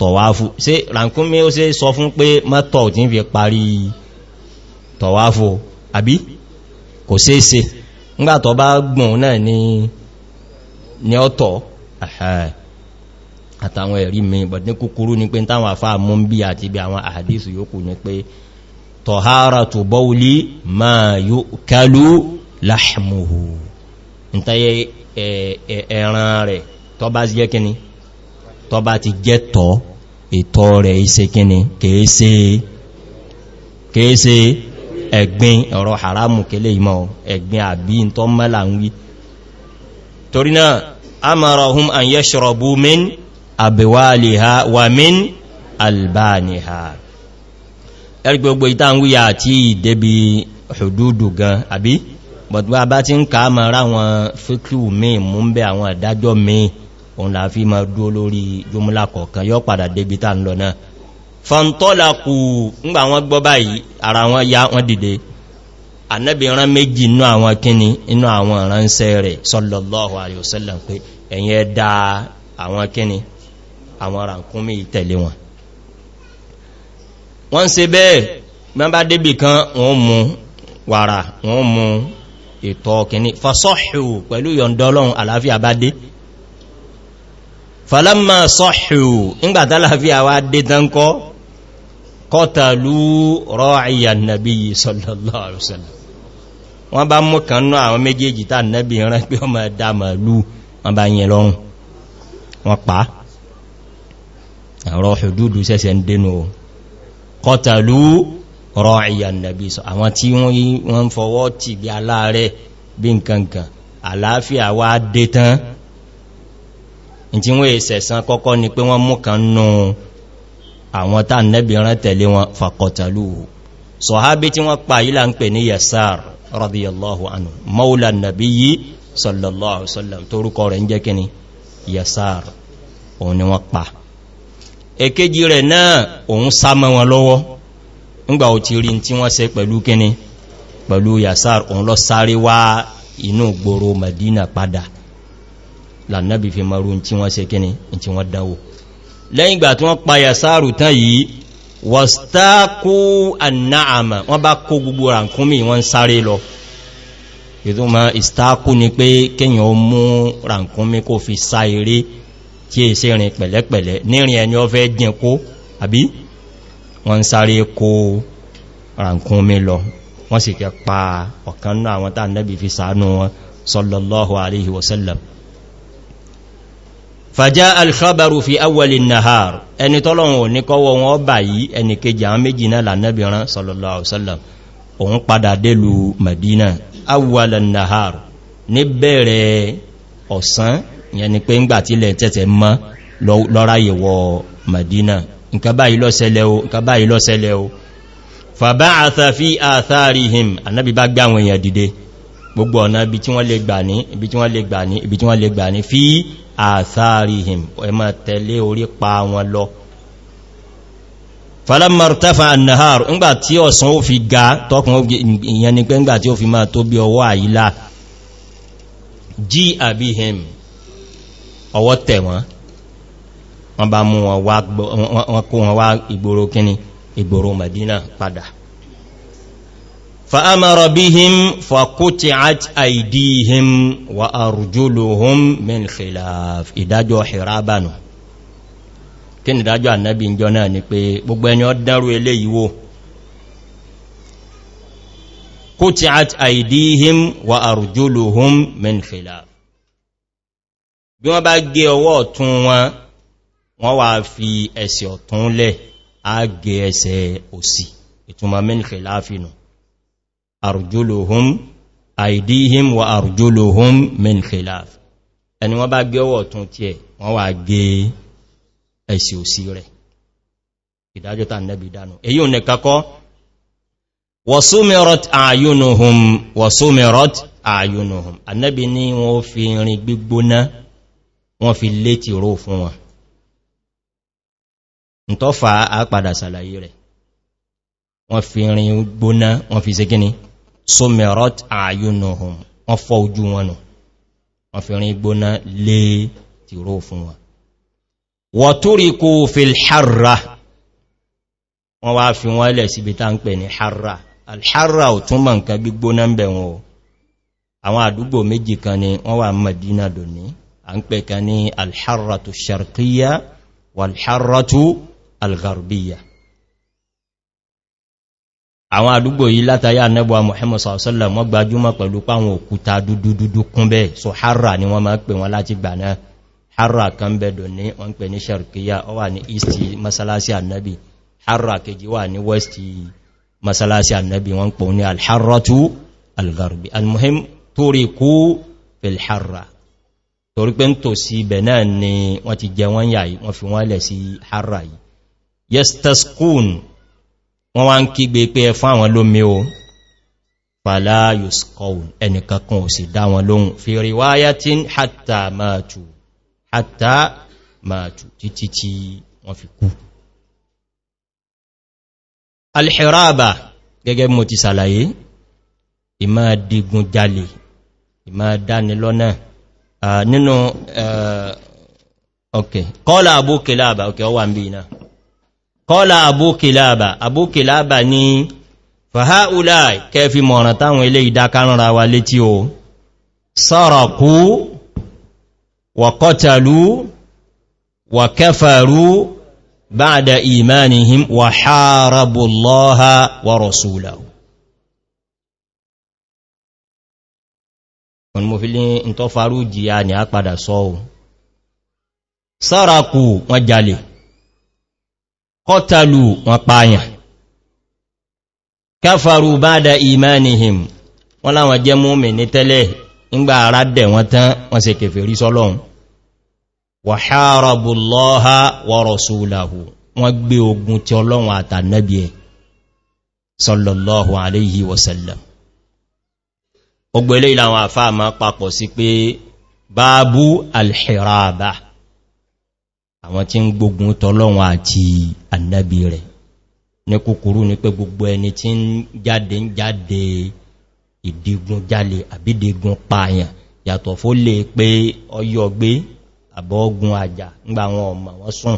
[SPEAKER 1] tọ̀wáfù ṣe ràǹkúnmí ó ṣe sọ fún pé mọ́tọ̀ tí ń fi parí tọ̀wáfù àbí kò ṣe ṣe ngbàtọ̀ bá gbọ̀n náà ni ni ọ̀tọ̀ àtàwọn ẹ̀rí mi bọ̀dí kúkúrú ni pé táwọn àfáà mú bí àti bí àwọn àdísù yókù ni pé tọ̀hárà tó bọ́ulí máa yóò kálú láhmùhù ìtayẹ e, e, ẹ̀ràn rẹ̀ tọ́ bá jẹ́ kíní tọ́ bá ti jẹ́ tọ́ ìtọ́ rẹ̀ iṣẹ́ kíní kèése ẹ̀gbin ọ̀rọ̀ haramu kele ìmọ̀ ẹ̀gbin àbí tọ́ mẹ́là ń wí torí náà amarahum an yashrabu min abwaliha wa min albaniha ẹgbogbo ìtàwíyà àti ìdẹ́bi hududu gan àbí but bá bá ti ń ká ma ráwọn fíkú míì mú ń bẹ àwọn àdájọ́ míì òun là fi ma dúó lórí jùmúlà kọ̀ọ̀kan yọ́ padà débi tá ń lọ náà fọ́ntọ́làkù ńgbà wọn gbọ́ ara wọn ya wọn dìde anẹ́bì ran méjì inú àwọn kíni inú àwọn ránṣẹ́ rẹ̀ sọ́lọ́lọ́wọ́ àríọ̀sẹ́lẹ̀ pé ẹ̀yẹ dá àwọn kíni àwọn ràkúnmí ìtẹ̀lé wọn wọ́n se bẹ́ẹ̀ mẹ́bá débì kan wọ́n mú wàrà wọ́n mú ètò ọkìní fasọ́hù pẹ̀lú yọ̀ndọ́lọ́run àláfíà bá dé falamma sọ́hù ìgbàtà àláfíà wá dé tánkọ́ kọtàlú rọ́ìyà nàbí sallallahu alaihi wasallam wọ́n bá mú kan náà àwọn méjèèjì tàà nẹ́bí rán pé ọmọ ẹ̀dà màálù kọtàlú rọ́ọ̀yà nàbí sọ àwọn tí wọ́n fọwọ́ ti bí aláàrẹ bí nkankan àlàáfíà wá dé tán tí wọ́n èsẹ̀sán kọ́kọ́ ni pé wọ́n mú kan nù àwọn tá nẹ́bì rán tẹ̀lé wọn fàkọtàlú sọ̀hábí tí wọ́n pa yílá ń pè ní yasar radiyallahu anu, maula nàbí yí sallallahu sallam, wasallam torúkọ rẹ̀ ń jẹ́ kíni yasar òun ni wọ́n pa èkejì rẹ̀ náà òun sá mọ́ wọn lọ́wọ́ ńgbà ò ti rí tí wọ́n ṣe pẹ̀lú kíní pẹ̀lú yasar òun lọ sáré wá inú gbòrò madina padà lànàbí fi maru tí wọ́n ṣe kíní tí wọ́n dánwò lẹ́yìn ìgbà tí wọ́n pa yasaru tán yìí wọ́stákú annáàmà wọ́n bá kó gbogbo ràkúnmí wọ́n sáré lọ ìtumọ̀ ìstákú ni pé kíyàn mú ràkúnmí kó fi sá eré tí è pẹ̀lẹ́pẹ̀lẹ́ nírin ẹni ọ fẹ́ jìn kó àbí wọ́n ń sáré kó ràǹkún mi lọ wọ́n sì kẹ pa ọ̀kan náà àwọn tàà nẹ́bì fi sàánú wọn sallallahu alaihi wasallam fàjá alkhabaru fi awwali nahar ẹni tọ́lọ̀wọ̀n ò ní kọ́wọ́ wọn bà yìí ẹni kejì àwọn sallallahu alaihi wasallam òun madina awwal nahar ní bẹ̀rẹ̀ ọ̀sán yẹni pé ń gbà tilẹ̀ tẹ́tẹ̀ mọ́ lọ́ráyẹ̀wọ̀ madina nǹkan báyìí lọ́sẹ̀lẹ̀ o nǹkan báyìí lọ́sẹ̀lẹ̀ o fàbá àtàfí àtàríhìm annabi bá gbá àwọn èèyàn dìde gbogbo ọ̀nà ibi tí wọ́n lè gbà ní ibi tí wọ́n lè gbà ní ibi tí wọ́n lè gbà ní fí àtàríhìm ẹ ma tẹ̀lé orí pa wọn lọ falamartafa annahar ńgbà tí ọ̀sán ó fi ga tọkùn ìyẹn ni pé ńgbà tí ó fi máa tó bí ọwọ́ àyílá jí àbíhìm ọwọ́ tẹ̀ wọ́n wọ́n bá mú wọn kó wọn wá ìgboro kíní ìgboro Madina padà fa'amara bihim fàkútí àti àìdíhim wa arjuluhum min khilaf ìdájọ́ hirabanu kí ni ìdájọ́ annabi ìjọ náà ni pé gbogbo ẹni ó dárú eléyìí wò kútí àti àìdíhim wa arjuluhum min khilaf bí wọ́n bá gé ọwọ́ ọ̀tún wọn wọ́n wà fi ẹsẹ̀ ọ̀tún lẹ̀ ágẹ ẹsẹ̀ òsì ìtumà mẹ́nìkì láàfinù àrùjúlòhún àìdíhìm wa àrùjúlòhún mẹ́nìkì láàfi ẹni wọ́n bá gbé ọwọ́ ọ̀tún tí ẹ wọ́n wà gẹ ẹsẹ̀ òsì rẹ̀ ìdájọ́ta nẹ́bì dánú èyí ò ń tọ́ fa àpàdà sàlàyé rẹ̀ wọ́n fi rin gbóná wọ́n fi ṣe gíní somerot ayunohun wọ́n fọ́ ojú wọn nù wọ́n fi rin gbóná lé tìró fún wọn wọ́n tó rí kó filharra wọ́n wá fi wọ́n lẹ̀ síbi tá ń pè ní harra alharra ò túnmọ̀ nǹkan gbígbóná ń bẹ̀ wọn o àwọn àdúgbò méjì kan ni wọ́n wà madina dòní à ń pè kan ní alharra tó sharkiya walharra tó algarbiya àwọn àdúgbò yìí látàyà nẹ́bọ̀ Muhammad sọ̀sọ́lẹ̀ wọ́n gbajúmọ̀ pẹ̀lú páwọn òkúta dúdú dúdú kún bẹ́ẹ̀ so harra ni wọ́n máa pè wọ́n láti gbà náà harra kan bẹ̀dọ̀ ní wọ́n pè ní sharkiya ó wà ní east masalasi annabi harra kejì wà ní west masalasi annabi wọ́n pè ní alharratu algarbi almuhim yestaskun wọ́n wá ń kígbe pé ẹ fún àwọn lómi o fàlá yuskoun ẹnìkankan ò sì dá wọn lóhun fi ríwáyá tí hàtà máàtù hàtà máàtù títí tí wọ́n fi kú alhiraba gẹ́gẹ́ mo ti sàlàyé ìmá digun jalè ìmá dáni lọ́nà nínú ok kọ́lá abúkẹ́lá àbà ok ọwà ń bí náà kọ́lá abúkìláàbà abúkìláàbà ní fàháùlá kẹfì mọ̀ràn táwọn ilé ìdákanra wa létí o sọ́rọ̀kú wàkọ́tàlú wàkẹfàrú báadà ìmánihim wà hárabùllọ́ha wà rọ̀súláwù wọn mo fi lé ń tọ́ farú jìyà ní àpadà sọ́ọ̀ sọ́rọ̀kú wọn jalè kọtàlù wọn pààyàn káfàrù bá da imanihim wọ́n láwọn jẹ́ múmi ní tẹ́lẹ̀ ńgbà ara dẹ̀ wọ́n tán wọ́n se kèfè rí sọ́lọ́un wà hárabùlọ́ha wọ́rọ̀ sólàhù wọ́n gbé ogun tí ọlọ́run àtànẹ́bí ẹ̀ sọ́lọ́lọ́hù àwọn tí ń gbógun tọ́lọ́run àti ànábì rẹ̀ ní kúkúrú ní pé gbogbo ẹni tí ń jáde ń jáde ìdígun jálè àbídígun pààyàn yàtọ̀ fó lè pé ọyọ́ gbé àbọ́ọ̀gun àjà ńgbà wọn ọmọ wọn sùn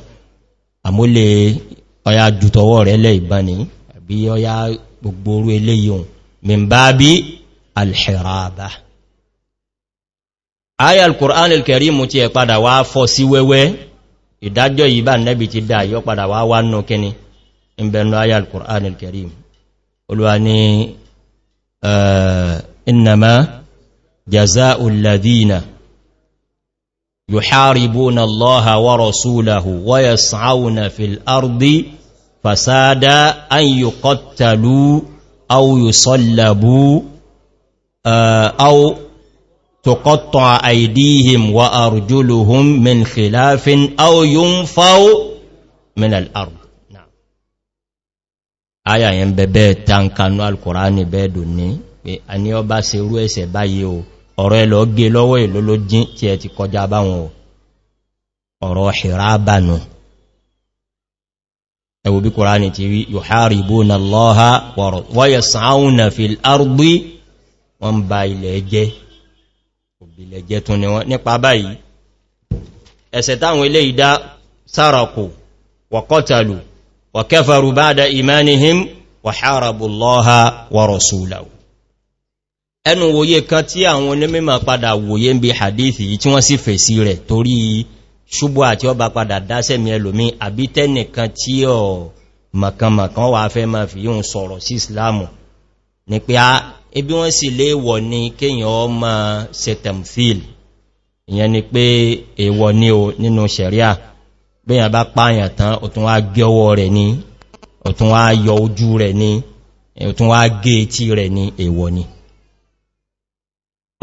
[SPEAKER 1] àmúlé ọya jùtọwọ́ rẹ̀ lẹ́ ìbáni àbí ọya gbogbo orú eléyìí ayal kùránil kẹrí mú ti ẹ̀ padà wá fọ́ sí wẹ́wẹ́ ìdájọ́ yìí bá nẹ́bí ti dá yọ padà wá wá nù kíni ìbẹ̀nù ayà al-Qur'an al-Karim olúwa ni innama jaza'u alladhina yuharibuna allaha wa rasulahu wa yas'auna fil ardi fasada an yuqattalu aw yusallabu aw تقطع أيديهم وأرجلهم من خلاف أو ينفوا من الأرض نعم آية ينببه تنكنوا القرآن بيدوني أني ọba se rú ẹsẹ̀ báyìí o ọ̀rọ̀ ẹlọ gẹ lọ́wọ́ ìlú ló jín tí ẹ ti kọjá báwọn o ọ̀rọ̀ ṣìrábànù ẹwò bí kòránì ti rí yuharibuna Allaha wọ́yẹ̀ sàáúnà fil ardi wọ́n ba ilẹ̀ jẹ́ ìbìlẹ̀ jẹ́ tún ni wọ́n nípa báyìí ẹ̀sẹ̀ táwọn ilé ìdá sárakù wàkọ́tàlù wàkẹfàrù bá da imanihim wà harabullaha ẹnu wòye kan tí àwọn onímọ̀ padà wòye ń bí hadithi tí wọ́n sì fèsí rẹ̀ torí ṣubú àti ọba padà dáṣẹ́mi ẹlòmí àbí tẹ́nìkan tí ọ̀ mọ̀kànmọ̀kàn wà fẹ́ ma fi yíò sọ̀rọ̀ sí islamu ni pé ah, ibi wọ́n sì lè wọ̀ ní kíyàn ọmọ setemfil ìyẹn ni pé èwọ̀ ní o nínú sẹ̀ríà bíyàn bá pààyàn tán ó tún wá gé ọwọ́ rẹ̀ ní ó tún wá yọ ojú rẹ̀ ní ó tún wá gé etí rẹ̀ ní èwọ̀ ni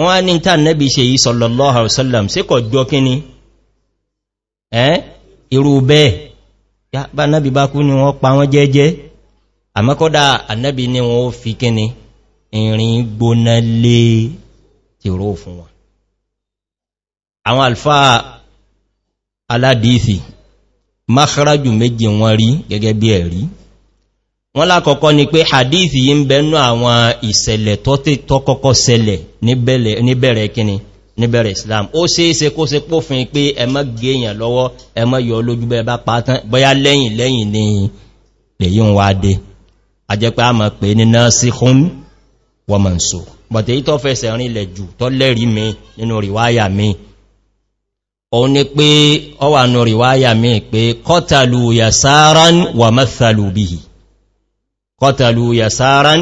[SPEAKER 1] wọ́n ní tàn nẹ́bí ṣe yí sallallahu alaihi wasallam sí kọ̀ jọ kíní ẹ́ irú bẹ́ẹ̀ bá nábi bá kú ni wọ́n ni ìrìn gbóná lé tìró fún wọn àwọn alfa aládìífì makharaju méjì wọn rí gẹ́gẹ́ bí ẹ̀rí wọ́n lákọ̀ọ́kọ́ ni pé hadith yí ń bẹnú àwọn ìṣẹ̀lẹ̀ tó kọ́kọ́ ṣẹlẹ̀ níbẹ̀rẹ̀ kíni níbẹ̀rẹ̀ islam ó ṣe é ṣe kó se pófin pé ẹmọ́ gẹ́yàn lọ́wọ́ ẹmọ́ yọ lójúbẹ̀ bá pátán bóyá lẹ́yìn lẹ́yìn ni lèyí ń wá dé a jẹ́ pé a mọ̀ pé ní sí wọ́n mọ̀ so but èyí tó fẹsẹ̀ rìn lẹ̀ jù tó lẹ́rí mi nínú ríwáyà mi òun ni pé ọ wà nù ríwáyà mi pé kọtàlù yasaran wà mẹ́tàlù bìí kọtàlù yasaran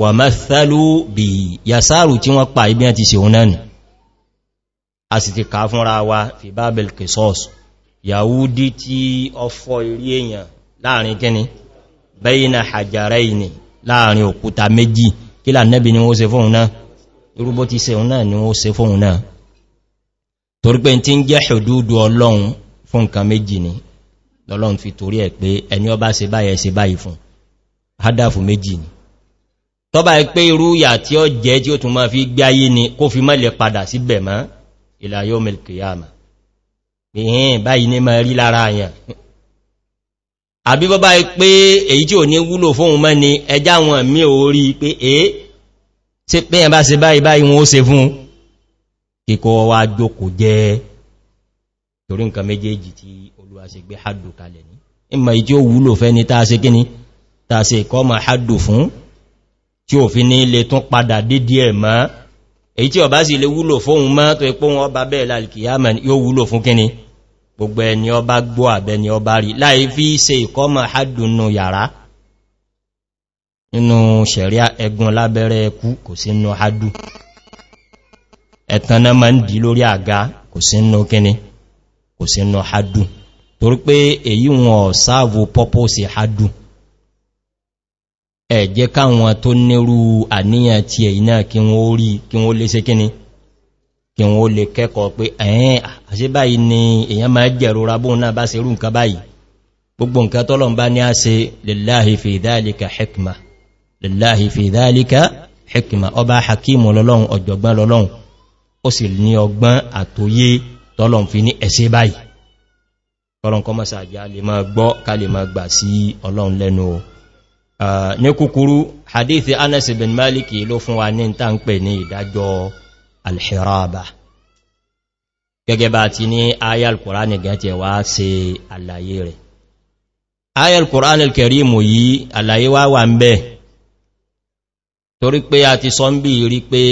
[SPEAKER 1] wà mẹ́tàlù bìí yasaru tí wọ́n pa ibi àti ṣeun náà a sì ti ká fúnra wa fi babel kisos yahudi tí ọfọ́ irí èèyàn láàrin kíni bẹ́yìn àjàrẹ́ ìní láàrin òkúta méjì kílà nẹ́bì ni wọ́n se fóhun náà irúgbó ti se òun náà ni wọ́n se fóhun náà torí pé tí ń jẹ́ ṣòdúdú ọlọ́run fún nǹkan méjì ni lọ́lọ́run fi torí ẹ̀ pé ẹni ọba se báyẹ̀ se báyìí fún hádàfù méjì ni tọ́bà pé irú ìyà tí ó jẹ́ tí ó tún máa fi gbé ayé ni kó fi mọ́lẹ̀ padà síbẹ̀ mọ́ ìlàyọ́ milkiyama ìhìn báyìí ní máa rí lára àyàn àbí bọ́bá pé èyí tí ò ní wúlò fóhun mọ́ ni ẹjá wọn mí ò rí pé é tí pé ẹ̀bá se báyìí báyìí wọn ó se fún kíkọ́ wá jókò jẹ́ torí nǹkan méjèèjì tí olúwa se gbé haddu kalẹ̀ ní ìmọ̀ ìjí ò wúlò fẹ́ ni tàà se gíní tàà se kọ́ ma haddu fún tí ò fi ní ilé tún padà dédí ẹ̀ mọ́ èyí tí ọ̀bá sì lè wúlò fóhun mọ́ tó ipò wọn ọba bẹ́ẹ̀ lálìkìyàmẹ́ yóò wúlò fún kíní gbogbo ẹni ọba gbọ́ àbẹni ọba rí láì fi ṣe ìkọ́mọ̀ àdùnnú yàrá nínú ṣẹ̀ríà ẹgbùn lábẹ́rẹ́ ẹkú kò sí nínú àdù ẹ̀tàn náà ma ń dì lórí àga kò sí nínú kíní kò sí nínú àdù torí pé èyí wọn sáàvò pọ́pọ́sì àdù ẹ̀jẹ́ káwọn tó nírú àníyàn ti ẹ̀yìn náà kí wọ́n lé kí wọ́n lè kẹ́kọ̀ọ́ pé ẹ̀yìn àṣíbá yìí ni èyàn máa jẹ̀rora bóun náà bá ṣe rú nǹkan báyìí gbogbo nǹkan tọ́lọ̀n bá ní a ṣe lèláhì fi ìdálíkà hekima ọba hakimu lọ́lọ́run ọ̀jọ̀gbọ́n lọ́lọ́run ó sì ní ọgbọ́n àtòyé tọ́lọ̀n fi ní ẹ̀ṣẹ́ báyìí tọ́lọ̀n kọ́ mọ́sà àjá alhiraba gẹ́gẹ́ bá ti ní ayal kùránì gẹ́tẹ̀ wá se àlàyé rẹ̀ ayal kùránì kẹrìmù yìí àlàyé wá wà ń bẹ́ torí pé a ti sọ́nbí rí pé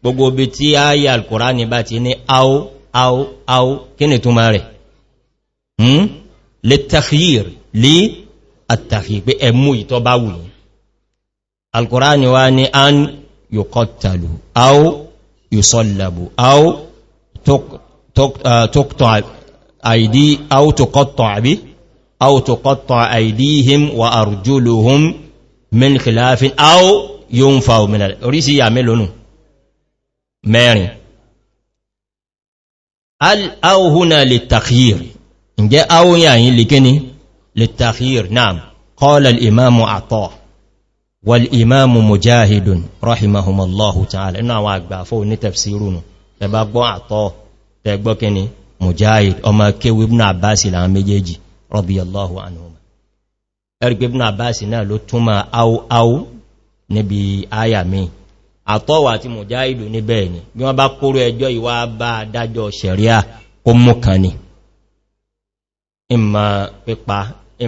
[SPEAKER 1] gbogbo bí tí ayal kùránì bá ti ní áó áó áó kí ni túnmà rẹ̀ lè tàfíìr lè àtàfí pé ẹmú ìtọ́ alkùránì wá ní an yóò kọ́tàlù يصلب أو آه، تقطع أيدي أو تقطع به أو تقطع أيديهم وأرجلهم من خلاف أو ينفع من الرسي يعملون هل أو هنا للتخيير إن جاء أو يعني لكني للتخيير نعم قال الإمام أعطاه والإمام مجاهد رحمهم الله تعالى إنه أعقب فهو تفسيرون تبقى أعطاه تبقى كني مجاهد أما كيو ابن عباس العميجي رضي الله عنهما أرق ابن عباس نالو تما أو أو نبي آية مين àtọ́wà مجاهد نبيني ní bẹ́ẹ̀ ni وابا wọ́n bá kóró إما ìwà إما dájọ́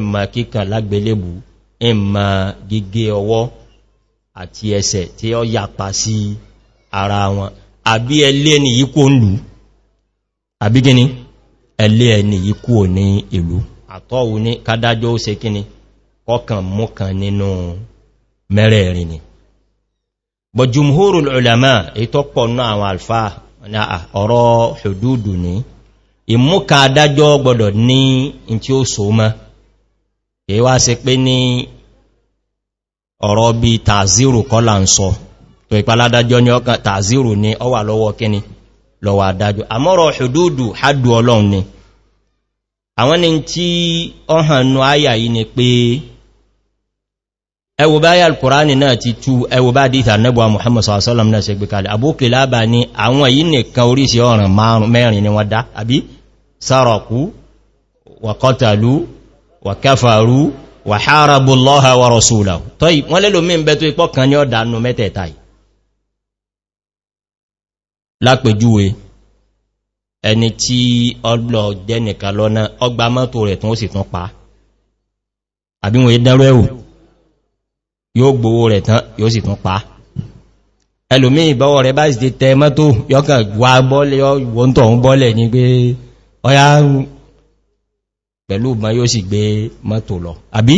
[SPEAKER 1] ṣẹ̀ríà kó ìmọ̀ gígé ọwọ́ àti ẹsẹ̀ tí ó ya sí ara wọn àbí ẹlé ẹni yíkó ń lù àbí gíní ẹlé ẹni yíkó ní ìlú àtọ́wù ní kádájọ́ ó se kíní kọkàn mọ́kàn nínú mẹ́rẹ̀ẹ̀rin ni bọ̀ jùmhúrù ètò pọ̀ náà àwọn alfa ọ̀rọ̀ ni in kìí wá se pé ní ọ̀rọ̀ bí tàzírù kọ́là ń sọ tó ìpaládájọ́ ní ọkà tàzírù ní ọwà lọ́wọ́ kíni lọ́wọ́ adájọ́ àmọ́rọ̀ ṣùdúdù hádù ọlọ́run ni àwọn ni tí ọ̀hànnú ayà yìí ni pé ẹwù bá yà alkùránì náà ti tú ẹwù bá dìtà nẹ́bùwa muhammad sallam náà se gbé kalẹ̀ abúkè lábà ní àwọn yìí nìkan oríṣi ọ̀ràn mẹ́rin ni wọ́n dá àbí sárakú wàkọ́tàlú wàkáfàrú wàhárabù lọ́ha wa rọ̀súlà tó yí wọ́n lélò mí ń bẹ́ tó ipọ́ kan ní ọ̀dà nù mẹ́tẹ̀ẹ̀ta yìí lápẹjúwe ẹni tí ọlọ̀ jẹ́nìkan lọ́nà ọgbà mọ́tò rẹ̀ tún ó sì tún pa àbí wọ́n pẹ̀lú ma yóò sì gbé mọ́tò lọ àbí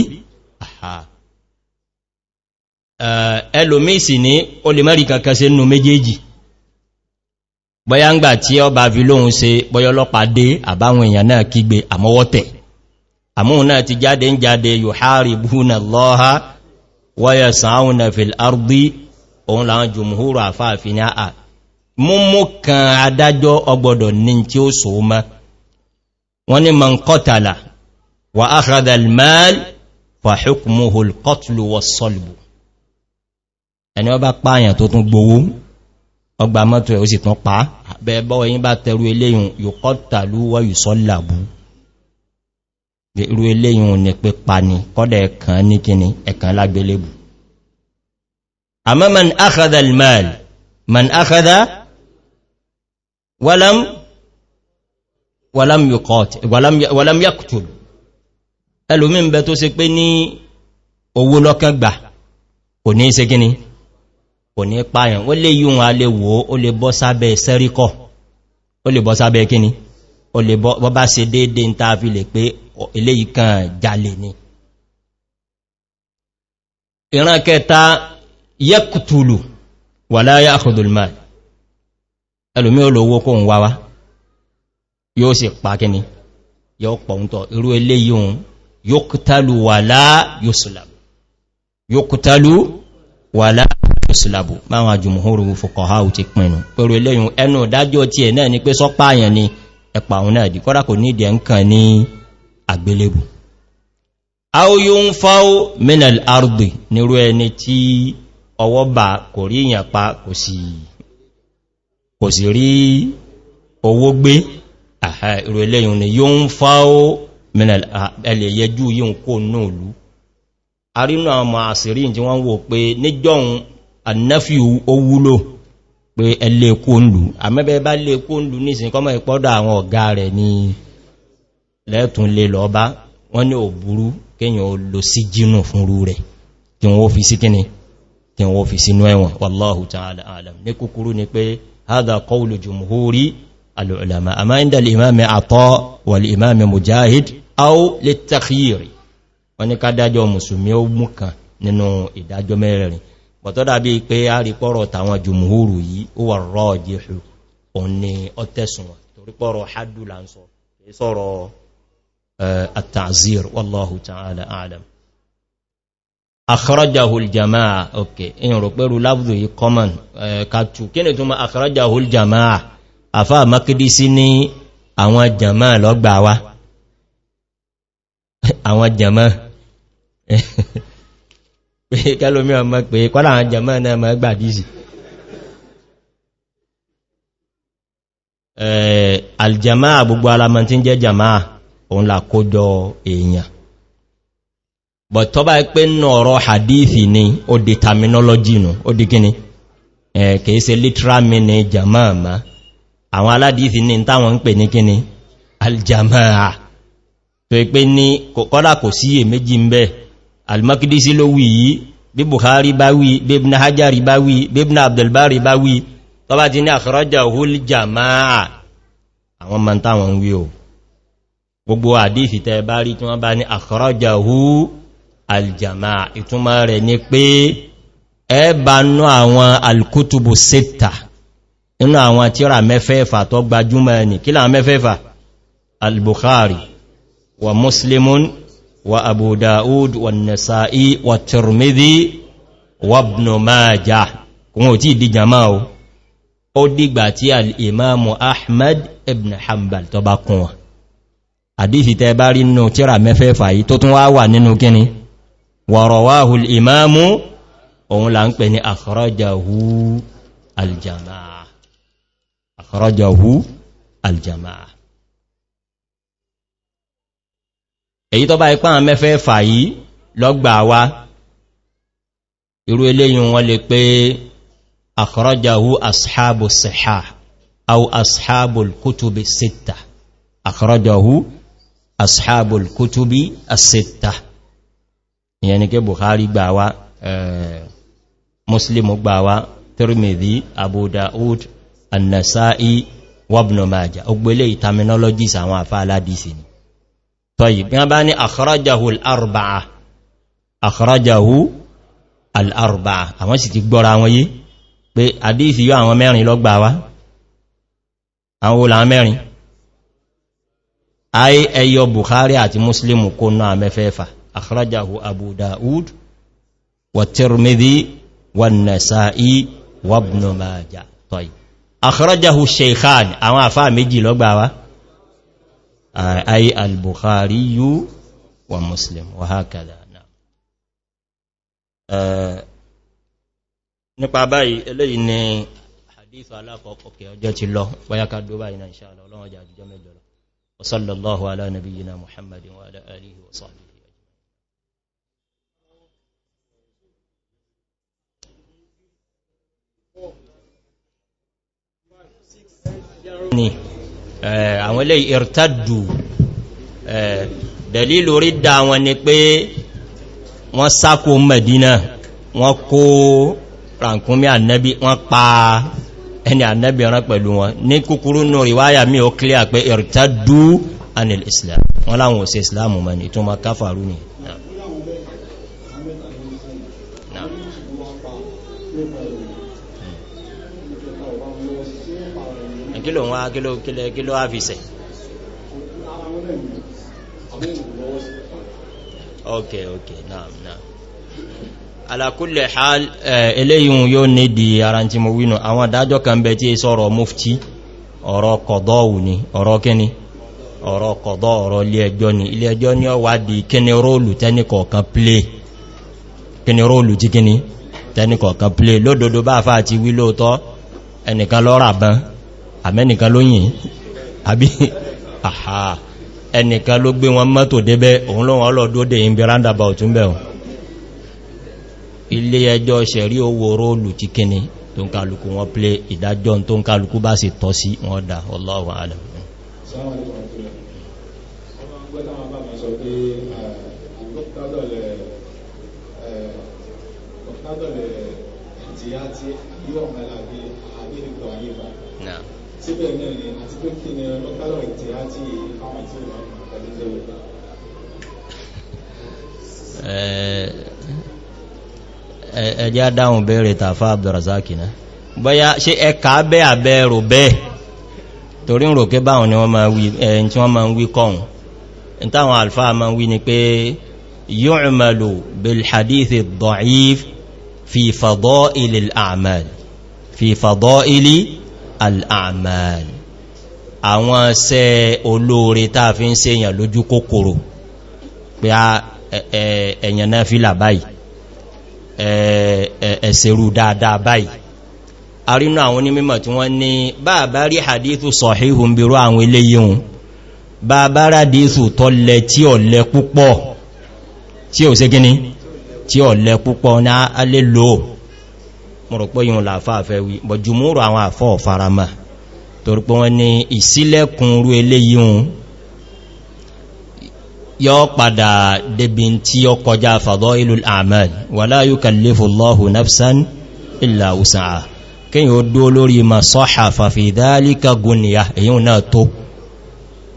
[SPEAKER 1] ẹlòmíìsì ní o lè mẹ́rin kankan se nínú méjèèjì bọ́yá ń gbà tí ọ bá fi lóhun se bọ́yọ́lọ́pàá dé àbáwọn èèyàn náà kígbe àmọ́wọ́tẹ̀ àmóhun náà ti jáde ń jáde yóò hárí búhúnà fil ardi òun làwọn jùmúhúrò àfáàfin ní àà múmú kan adájọ́ ọgbọ̀dọ̀ wọ́n ni man kọtàlá wa áhàdà almal fàhíkùmùhù alkọtùlù wa sọlbù ẹni ọba pààyàn tó tún gbowó ọgbà mọ́tò ẹ̀ ó sì tún pa bẹ́ẹ̀bọ́ ẹ̀yìn bá tẹrù eléyìn yòkọtàlú wọ́ yùsọ́làbù irú walam wàlám yàkùtù ẹlòmí ń bẹ tó se pé ní owó lọ́kàn gbà kò ní ṣe gíní kò ní páyàn ó lè yíò wọn a lè wò ó lè bọ́ sábẹ́ sẹ́ríkọ́ ó lè bọ́ sábẹ́ gíní ó lè bọ́ bá se déédé ń tàà fi lè pé eléyìí kan jalè ni ìran kẹta yẹ́kùtùlù wà láyé àkùdùlmà yóò sì pa kíni yóò pọ̀ ń tọ̀ irú ilé yíò yókútàlù wà láà yóòsìlàbù máwọn àjùmòhóró fòkànhá ò ti pinnu pẹ̀rù eléyìn ẹnu ìdájọ́ ti ẹ̀ náà ni pé sọ́pàáyàn ni ẹ̀pà òun náà dì kọ́dà kò ní ìdí ẹ̀ǹkan ní àgbélébù aoyo owó gbé àhá ìrò eléyìn ni yóò ń fá ó ẹlẹ̀ yẹjú yíò kó náà lú arínú àwọn àṣírí tí wọ́n wò pé níjọ́un annafi ó wúlò pé ẹlẹ́ kó ń lú àmẹ́bẹ́ bá lè kó ń lú nísìn kọ́mọ̀ ìpọ́dọ̀ àwọn ọ̀gá rẹ̀ ni lẹ́ẹ̀tún lè lọ bá wọ́n ní ò burú lò sí jínú fúnrú rẹ̀ tí wọ́n fi sí kíni tí wọ́n fi sínú ẹ̀wọ̀n wallahu ta'ala alam ní kúkúrú ni pé hádà kọ́ùlù jùmhúrí العلماء أما عند الإمام عطاء والإمام مجاهد أو للتخيير wọ́n ní ká dájọ́ musulmi ó mú kan nínú ìdájọ́ mẹ́rẹ̀rin bọ̀tọ́ dàbí pé a rí pọ́rọ̀ tàwọn jùmúhúrù yìí ó wà rọ́ jíhù òun ni ọ tẹ́sùn wọn torí pọ́rọ̀ hadu la ń sọ́rọ̀ àfá makidisi ní àwọn jàmá lọ́gbà wa àwọn jàmá pé kẹlòmí ọmọ pé kọ́lá àwọn jàmá náà mọ́ gbàdísì aljama gbogbo alamọ́ tí ń jẹ́ jàmá òun là kójọ èèyàn but tó bá pé nínú ọ̀rọ̀ hadithi ni ó di terminology nù ó di kíni kìí ṣe literal meaning jama'a ma àwọn aládìífì ní táwọn ń pè ní kíni aljamaa tó pé ní kọ́lá kò síyè méjì ń bẹ́ almakidisi ló wì yí bí buhari bá wí bíbí na hajjari bá wí bíbí na abdulbari bá wí tó bá ti ní àkọrọjà huljamaa àwọn ma táwọn wí o gbogbo àdífì tẹ bá rí tí wọ́n bá ní àkọrọjà hu aljamaa ìtumọ̀ rẹ̀ ni pé ẹ bá nú àwọn alkutubu sita inú àwọn tíra mẹ́fẹ́fà tó gbajúmọ̀ ẹni kí láà mẹ́fẹ́fà al-bukhari wa muslimun wa abu da'ud wa nasa'i wa tirmidhi wa ibn majah kún ò tí di jama o ó dìgbà tí al-imamu ahmad ibn hanbal tó bá kún wa àdífì tẹ bá rí nínú tíra mẹ́fẹ́fà yìí tó tún wá wà nínú kíni wa rawahu al-imamu òun là ń pè akhrajahu al-jama'a àkọrọjọ̀hú aljama'a èyí tó bá ipá mẹ́fẹ́ fàyí lọ́gbà wá irú eléyìn wọ́n lè pé àkọrọjọ̀hú ashabu siha au ashabu kutubi sita àkọrọjọ̀hú ashabu kutubi sita ìyẹn ni kí buhari gbà wá eh, muslim gbà wá tirmidhi abu da'ud annasa'i wabnu maja ogbo ile terminologies àwọn àfá aládìsì ni tọ́yì bí wọ́n bá ní àkọrọ́jàhù al'arba'a àkọrọ́jàhù al'arba'a àwọn sì ti gbọ́ra wọn yí pé àdíìsì yóò àwọn mẹ́rin lọ́gbà wá àwọn olà mẹ́rin ayé ẹyọ buhari àti muslimu kó náà mẹ́fẹ́fà àkọrọ́jàhù abu da'ud wa tirmidhi wa nasa'i wabnu maja tọ́yì àkọrọjáhù sheikhan àwọn àfá méjì lọ́gbà wá ayi al-bukhari yu wa muslim wa hakada na eh, nípa báyìí eléyìí ni hadith alákọ̀ọ́kọ̀kẹ́ ọjọ́ ti lọ báyáká dóbá iná ìṣàlọ́ ọlọ́wọ́ jà àjújọ́ mẹ́jọ lọ wasallallahu ala nabiyyina muhammadin wa ala alihi wa sahbihi ni àwọn ilé ìrtàdù dalilu rídà wọn ni pé wọ́n sákò mẹ́dínà wọ́n kó ràǹkúnmí ànẹ́bí wọ́n pa ẹni ànẹ́bí ọ̀rán pẹ̀lú wọn ní kúkúrú nù ríwáyà mí ó clear pé ìrtàdù anil islam wọ́n láwọn òsì islam mọ̀ ní tó ma káfàrú ni kí ló ń wá kí ló kí ló kí ok ok naam naam ala kulli hal eléyìn yóò ní di ara tí mo wínú àwọn adájọ́ kan bẹ tí sọ́rọ̀ mufti ọ̀rọ̀ kọ̀dọ̀ wù ní ọ̀rọ̀ kíní ọ̀rọ̀ kọ̀dọ̀ ọ̀rọ̀ ilé ẹjọ́ ni ilé ẹjọ́ ni ó wá di kíní róòlù tẹ́nìkọ̀ọ̀kan play kíní róòlù tí kíní tẹ́nìkọ̀ọ̀kan play lódodo bá fà ti wí lóòtọ́ ẹnìkan lọ́ràbán àmẹ́nìkan ló yìn àbí àhà ẹnìkan ló gbé wọn mọ́tò débẹ̀ òun lọ́wọ́n ọlọ́dúódé yìí bí roundabout ń bẹ̀rún ilé ẹjọ́ sẹ̀rí owó róòlù ti kíni tó ń kálukú wọn plé ìdájọ́ tó ń kálukú bá sì tọ́ sí wọn dá Allahu a'lam síbẹ̀ náà ni àti pé kí ni lọ́kàlọ̀ ìtì àti fáwọn tí wọ́n pẹ̀lú lẹ́wọ̀ ẹjẹ́ adáhùn bẹ̀rẹ̀ tàfà Abdurrazak náà bọ́yá ṣe ẹka bẹ́ àbẹ́rò bẹ́ẹ̀ torí ń ròké báwọn ni wọ́n máa wí ẹ̀yìn tí wọ́n máa wí kọ́hùn in táwọn alfa máa wí ni pé yu'malu bil hadithi da'if fi fada'il al-a'mal fi al'amal àwọn ṣẹ olóore tàà fi ń ṣe èyàn lójú kòkòrò pé a ẹ̀yàn náà fílà báyìí ẹ̀ṣẹ̀rù dáadáa báyìí arínú àwọn onímọ̀ tí wọ́n ní bàbá rí hadithu sọ̀híhùn bíró àwọn ilé yíhun bàbá rádìíthù tọ́lẹ̀ tí ọ̀lẹ̀ púpọ̀ tí ò sí gíní tí ọ̀lẹ̀ púpọ̀ ní alélòó mọ̀rọ̀pọ̀ yíò làfáàfẹ́ wí bọ̀jùmúrò àwọn àfọ́ ọ̀farama torípọ̀ wọn ni ìsílẹ̀kùnrú eléyìí yọ padà débin tí ó kọjá fàdọ́ ìlú àmàl wà láyú kàlífòlọ́hù nafsan ìlà òsàá kíyàn ó dó lórí ma sọ́hà fàfidálíkà gúnnìyà èyàn náà tó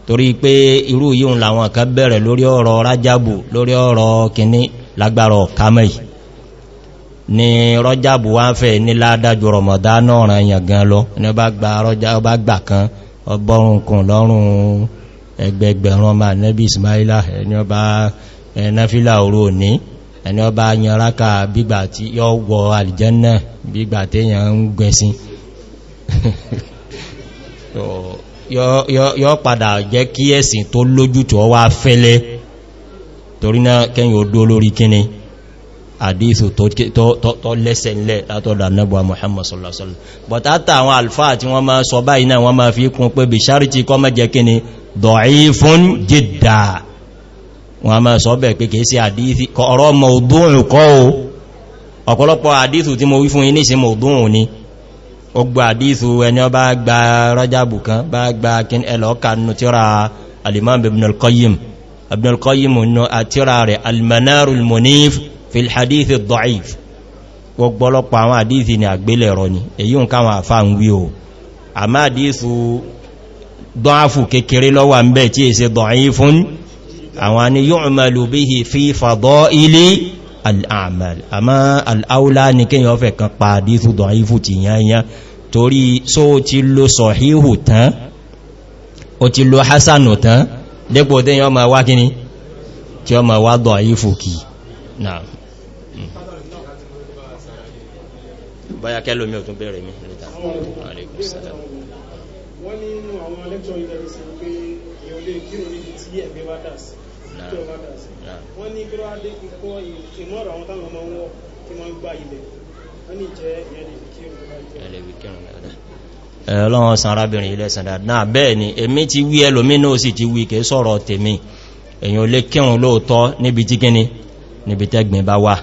[SPEAKER 1] torí pé irú yíò làwọn kan bẹ̀rẹ̀ lórí ọ̀rọ̀ rájábù lórí ọ̀rọ̀ kìíní lágbàrọ̀ kamẹ́yìí ni rọ́jàbù wá ń fẹ́ ní ládájú rọmọ̀dánà ọ̀ràn èyàn gan lọ ní ọba gba rọ́jà ọba gbà kan ọgbọ́run kùn lọ́rùn ẹgbẹgbẹ̀rún ọmọ nẹ́bí ismaila ẹni ọba ẹnafílà oró ní ẹni ọba yanraka bígbà tí yọ wọ alìjẹ́nà bígbà téèyàn ń gbẹ̀sìn [LAUGHS] yọ padà jẹ́ kí ẹ̀sìn tó lójútù ọwá fẹ́lẹ́ torí kẹ́yìn odó lórí kíni àdíṣù tó lẹ́sẹ̀ ńlẹ̀ látọ̀dọ̀ annabuwa muhammad sallallahu alaihi wasallam but ata àwọn alfa tí wọ́n máa sọ báyìí náà wọ́n máa fi kún pé bí ṣáríti kọ́ mẹ́jẹ kí ni da'ifun jidda wọ́n máa sọ bẹ̀ pé kìí sí àdíṣì ọ̀rọ̀ mọ̀ọ̀dún kọ́ o ọ̀pọ̀lọpọ̀ àdíṣù tí mo wí fún iní sí mọ̀ọ̀dún ni ó gba àdíṣù ẹni ọba gba fi hadithi da'if gbogbolopo àwọn hadithi ni àgbélẹ̀rọ ni èyí ń káwọn àfá ń wí o a máa hadithi da'afu kékeré lọ́wà ń bẹ̀ tí èsẹ da'ifun àwọn ni yu'malu bihi fi fadaili al'amal àmá al'aula ni kíyàn fẹ́ kan pa hadithi da'ifu ti yányá torí só ti lo sọ̀híhù tán o ti lo hasanu tán dépò yọ ma wá kíní tí ọ ma wá dọ̀ ayé fòkì náà báyá kẹ́lò mi ò tún bẹ̀rẹ̀ mi lẹ́ta wọ́n nínú àwọn lẹ́kṣọ́ ìdẹ̀rẹ̀sẹ̀ pé èèyàn lè kírò níbi tí ẹ̀gbẹ́ bá dà sí wọ́n ní kí wọ́n dé kíkọ́ ìmọ̀ràn àwọn táwọn ọmọ wọn tí wọ́n gba ilẹ̀ wọ́n ní jẹ́ ìyẹn lè fi kírun dáadáa ọlọ́run ọ̀sán arábìnrin ilẹ̀ sàdá náà bẹ́ẹ̀ ni èmi ti wí ẹlòmí náà sì ti wí kìí sọ̀rọ̀ tèmi èyàn lè kírùn lóòtọ́ níbi tí kíní níbi tẹ́gbìn bá wà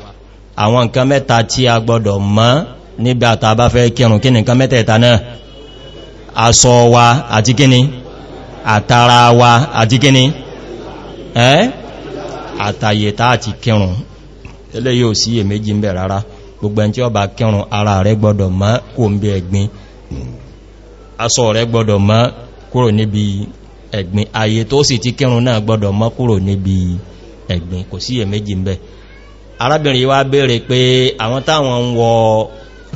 [SPEAKER 1] àwọn nǹkan mẹ́ta tí a gbọ́dọ̀ mọ́ nígbàtà bá fẹ́ kírùn kí nìkan mẹ́tẹ̀ẹ̀ta náà aṣọ wa àti kíni àtàrà wa àti kíni ẹ́ àtàyètà àti kírùn ilé yóò sí èméjì ń bẹ̀ rárá gbogbo ẹn tí ó bá kírùn ara rẹ̀ gbọ́dọ̀ mọ́ kò ń bí ẹ̀gbin aṣọ rẹ̀ gbọ́dọ̀ mọ́ kúrò níbi ẹ̀gbin àyè tó sì ti kírùn náà gbọ́dọ̀ mọ́ kúrò níbi ẹ̀gbin kò sí èméjì ń bẹ̀ arábìnrin wa béèrè pé àwọn táwọn ń wọ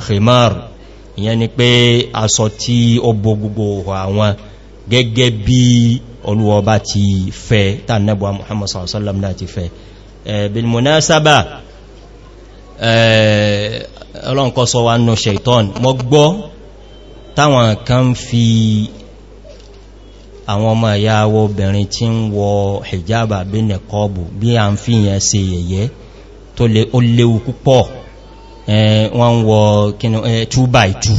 [SPEAKER 1] khimar ìyẹn ni pé aṣọ tí ó bo gbogbo àwọn gẹ́gẹ́ bí olúwọba ti fẹ́ tánàbà muhammad sallallahu náà ti fẹ́ bil munasaba ọlọ́nkọ́ sọ wa nù shaitan mọ́ gbọ́ táwọn kan fi àwọn ọmọ ìyàwó obìnrin tí ń wọ hijab àbínẹ̀kọ́bù bí a ń fi yẹn se yẹ̀yẹ́ tó lé ó léwu púpọ̀ wọ́n wọ 2x2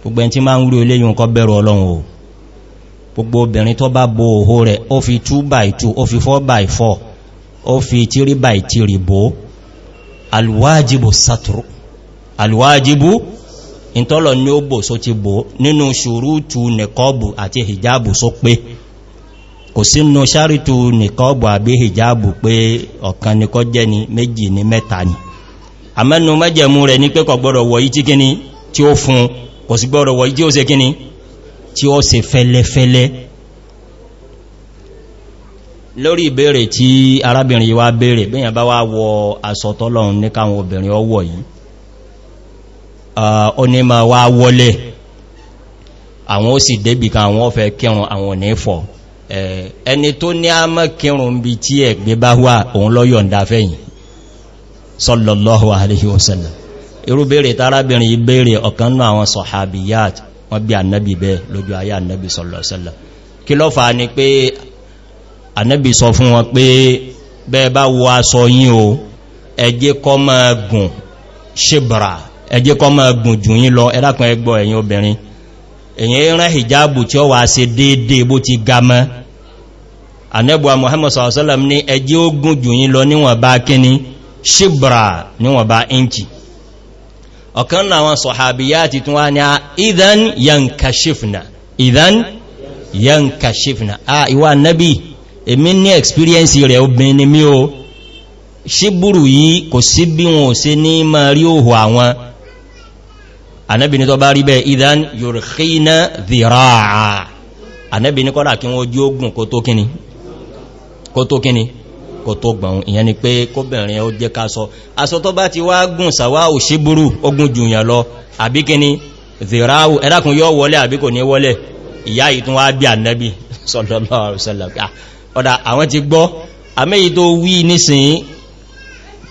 [SPEAKER 1] gbogbo ẹni tí máa ń rí olé yíò kọ́ bẹ̀rù ọlọ́run o gbogbo obìnrin tó bá bo òhó rẹ̀ ó fi 2x2 ó fi 4x4 ó fi 3x3 bó alwájibò sátúrú alwájibò ìntọ́lọ̀ ní ó bò só ti bò nínú ṣùrútù nìkọ́bù àti hijabu só pé so kò sí nù sáàrìtù nìkọ́ọ̀bù àbí hijabu pé ọ̀kan nìkọ́ jẹ́ ni méjì ni mẹ́ta ni àmẹ́nu mẹ́jẹ̀mú rẹ̀ ní pé kọ̀ gbọ́rọ̀ wọ̀yí tí kíní tí ó fún kò sí gbọ́rọ̀ wọ̀yí tí ó se kíní tí ó se fẹ́lẹ́fẹ́lẹ́ lórí ìbéèrè tí arábìnrin wa béèrè bí yàn bá wá wọ asọ̀tọ́lọ́run ní káwọn obìnrin ọwọ̀ yìí ó ní ma wá wọlé àwọn ó sì débì àwọn ó fẹ́ àwọn ò ní fọ́ ẹni tó ní a mọ́ kírùn bí tí ẹgbẹ́ bá wà òun lọ́yọ̀ ń dáfẹ́yìn sallallahu alaihi wasallam irú bèèrè tarábìnrin ìbèèrè ọ̀kanú àwọn sọ̀hábíyàt wọ́n bí annabi bẹ́ lójú ayé annabi sallallahu alaihi wasallam kí ló fà ní pé annabi sọ fún wọn pé bẹ́ bá o ẹ jẹ́ kó máa gùn ṣíbrà ẹ jẹ́ kó máa gùn jù yín lọ ẹlákan ẹgbọ́ ẹ̀yin obìnrin èyàn rán hijabu tí ó wà ṣe déédéé bó ti ga mọ́ anẹ́bùwa Muhammad sallam ní ẹjẹ́ ó gùn jù yí lọ níwọ̀n bá kíní ṣíbrà níwọ̀n bá inchi ọ̀kan náà wọn sọ̀hábíyá ti tún wá ní a ah, ìdán yankashifna ìdán yankashifna a ah, ìwà nẹ́bí èmi ní experience rẹ̀ obìnrin mi o ṣíbùrù yìí kò sí bí wọn ò sí ní ma rí òhù àwọn anẹ́bí ní tó bá rí bẹ́ ìdán yorùkí náà dhira'a anẹ́bí ní kọ́dà kí wọ́n ojú ogun kó tó kíni kó tó kíni kó tó gbọ̀n ìyẹn ni pé kóbìnrin ó jẹ́ ká sọ aṣọ tó bá ti wá gùn sàwá ò sí burú ogun jùyàn lọ àbí kíni ziraahu ẹ̀dàkùn yóò wọlé àbí kò ní wọlé ìyá ìtún ànẹ́bí [LAUGHS] sallallahu alaihi wasallam ah, ọ̀dà àwọn ti gbọ́ àmẹ́yí tó wí nísìn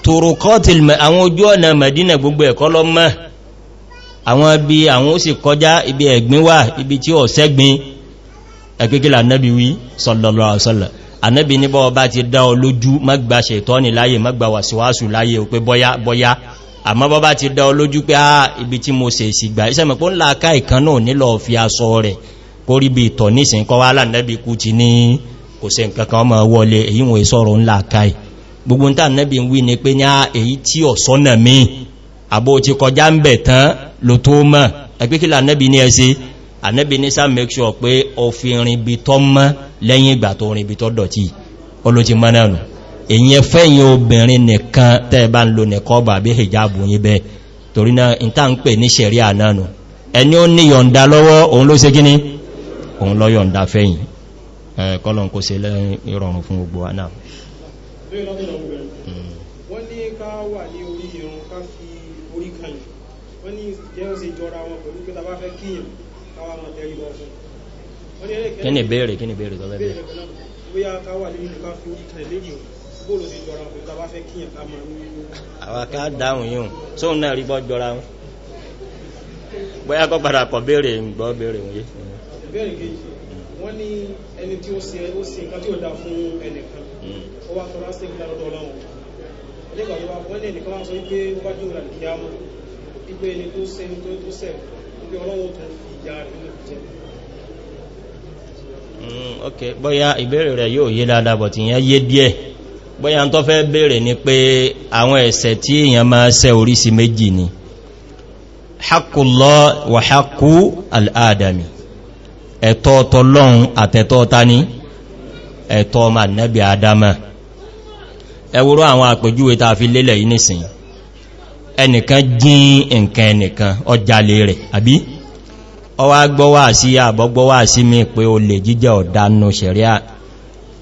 [SPEAKER 1] turukotil àwọn ojú ọ̀nà Mẹ̀dínà gbogbo ẹ̀kọ́ lọ mọ́ àwọn ibi àwọn ó sì kọjá ibi ẹ̀gbin wà sallallahu alaihi anábi ní bọ́ọ̀ bá ti dá ọ lójú mọ́gbà ṣètọ́ni láyé mọ́gbà wàsíwásù láyé ò pé bọ́yá bọ́yá àmọ́ bọ́ bá ti dá ọ lójú pé á ibi tí mo se ìsìgbà iṣẹ́mọ̀ pọ́ ńlá aká ìkan náà nílọ fi aṣọ rẹ̀ kó rí bí ìtọ̀ nísìn lánàbí ni pé ní èyí tí ọ̀sọ́nà mi àbó ti kọjá ànẹ́bì ní sáà make sure pé o fi rinbi tọ́ mọ́ lẹ́yìn ìgbà tó rinbi tọ́ dọ̀tí olóti mọ́nàrùn èyí fẹ́yìn obìnrin nìkan tẹ́ẹ̀bá ń lo nìkọ́ bà bí hijabu yí bẹ́ torí náà in tá ń pè ní sẹ̀rí ànánù ẹni ó ní yọ̀ǹda lọ́wọ́ òun ló sé òun lọ yọ̀ǹda fẹ́yìn wọ́n ní jẹ́ ó se jọra wọn pẹ̀lú pé bá fẹ́ kíyàn kí ni ìbéèrè kí ni ìbéèrè tó lẹ́bẹ̀ẹ́ àwọn ká dáhùn yíò sóhun náà rí bọ́ jọra wọn bóyá kọ́ padà kọ̀ béèrè gbọ́ béèrè wòye béèrè kejì wọ́n ní ẹni tí ó se ó se nǹkan tí ó dá fún ẹnìkan hmm. ó wá tọ́lá sí ìgbà lọ́dọ̀ ọlọ́run ẹlẹ́gbà tó wá wọ́n ní ẹnìkan wá sọ wípé ó bá jù rà kí á mọ́ Mm, ok bóyá ìbéèrè rẹ̀ yóò yé dáadáa bọ̀ tí yẹn yé díẹ̀ bóyá tó fẹ́ béèrè ni pé àwọn ẹ̀ṣẹ̀ tí èyàn máa ṣẹ̀ oríṣi méjì ni haqqullah wa haqqu al'adami ẹ̀tọ́ tọ́lọ́un àtẹ̀tọ́ tani ẹ̀tọ́ ma nẹ́bí adama ẹwúrú àwọn àpèjúwe ta fi lélẹ̀ yìí nìsìn ẹnìkan jín nǹkan ẹnìkan ọjàlè rẹ̀ àbí ọwá gbọ́wà sí àbọ́gbọ́wà sí mi pé o lè jíjẹ́ ọ̀dánú ṣẹ̀ríà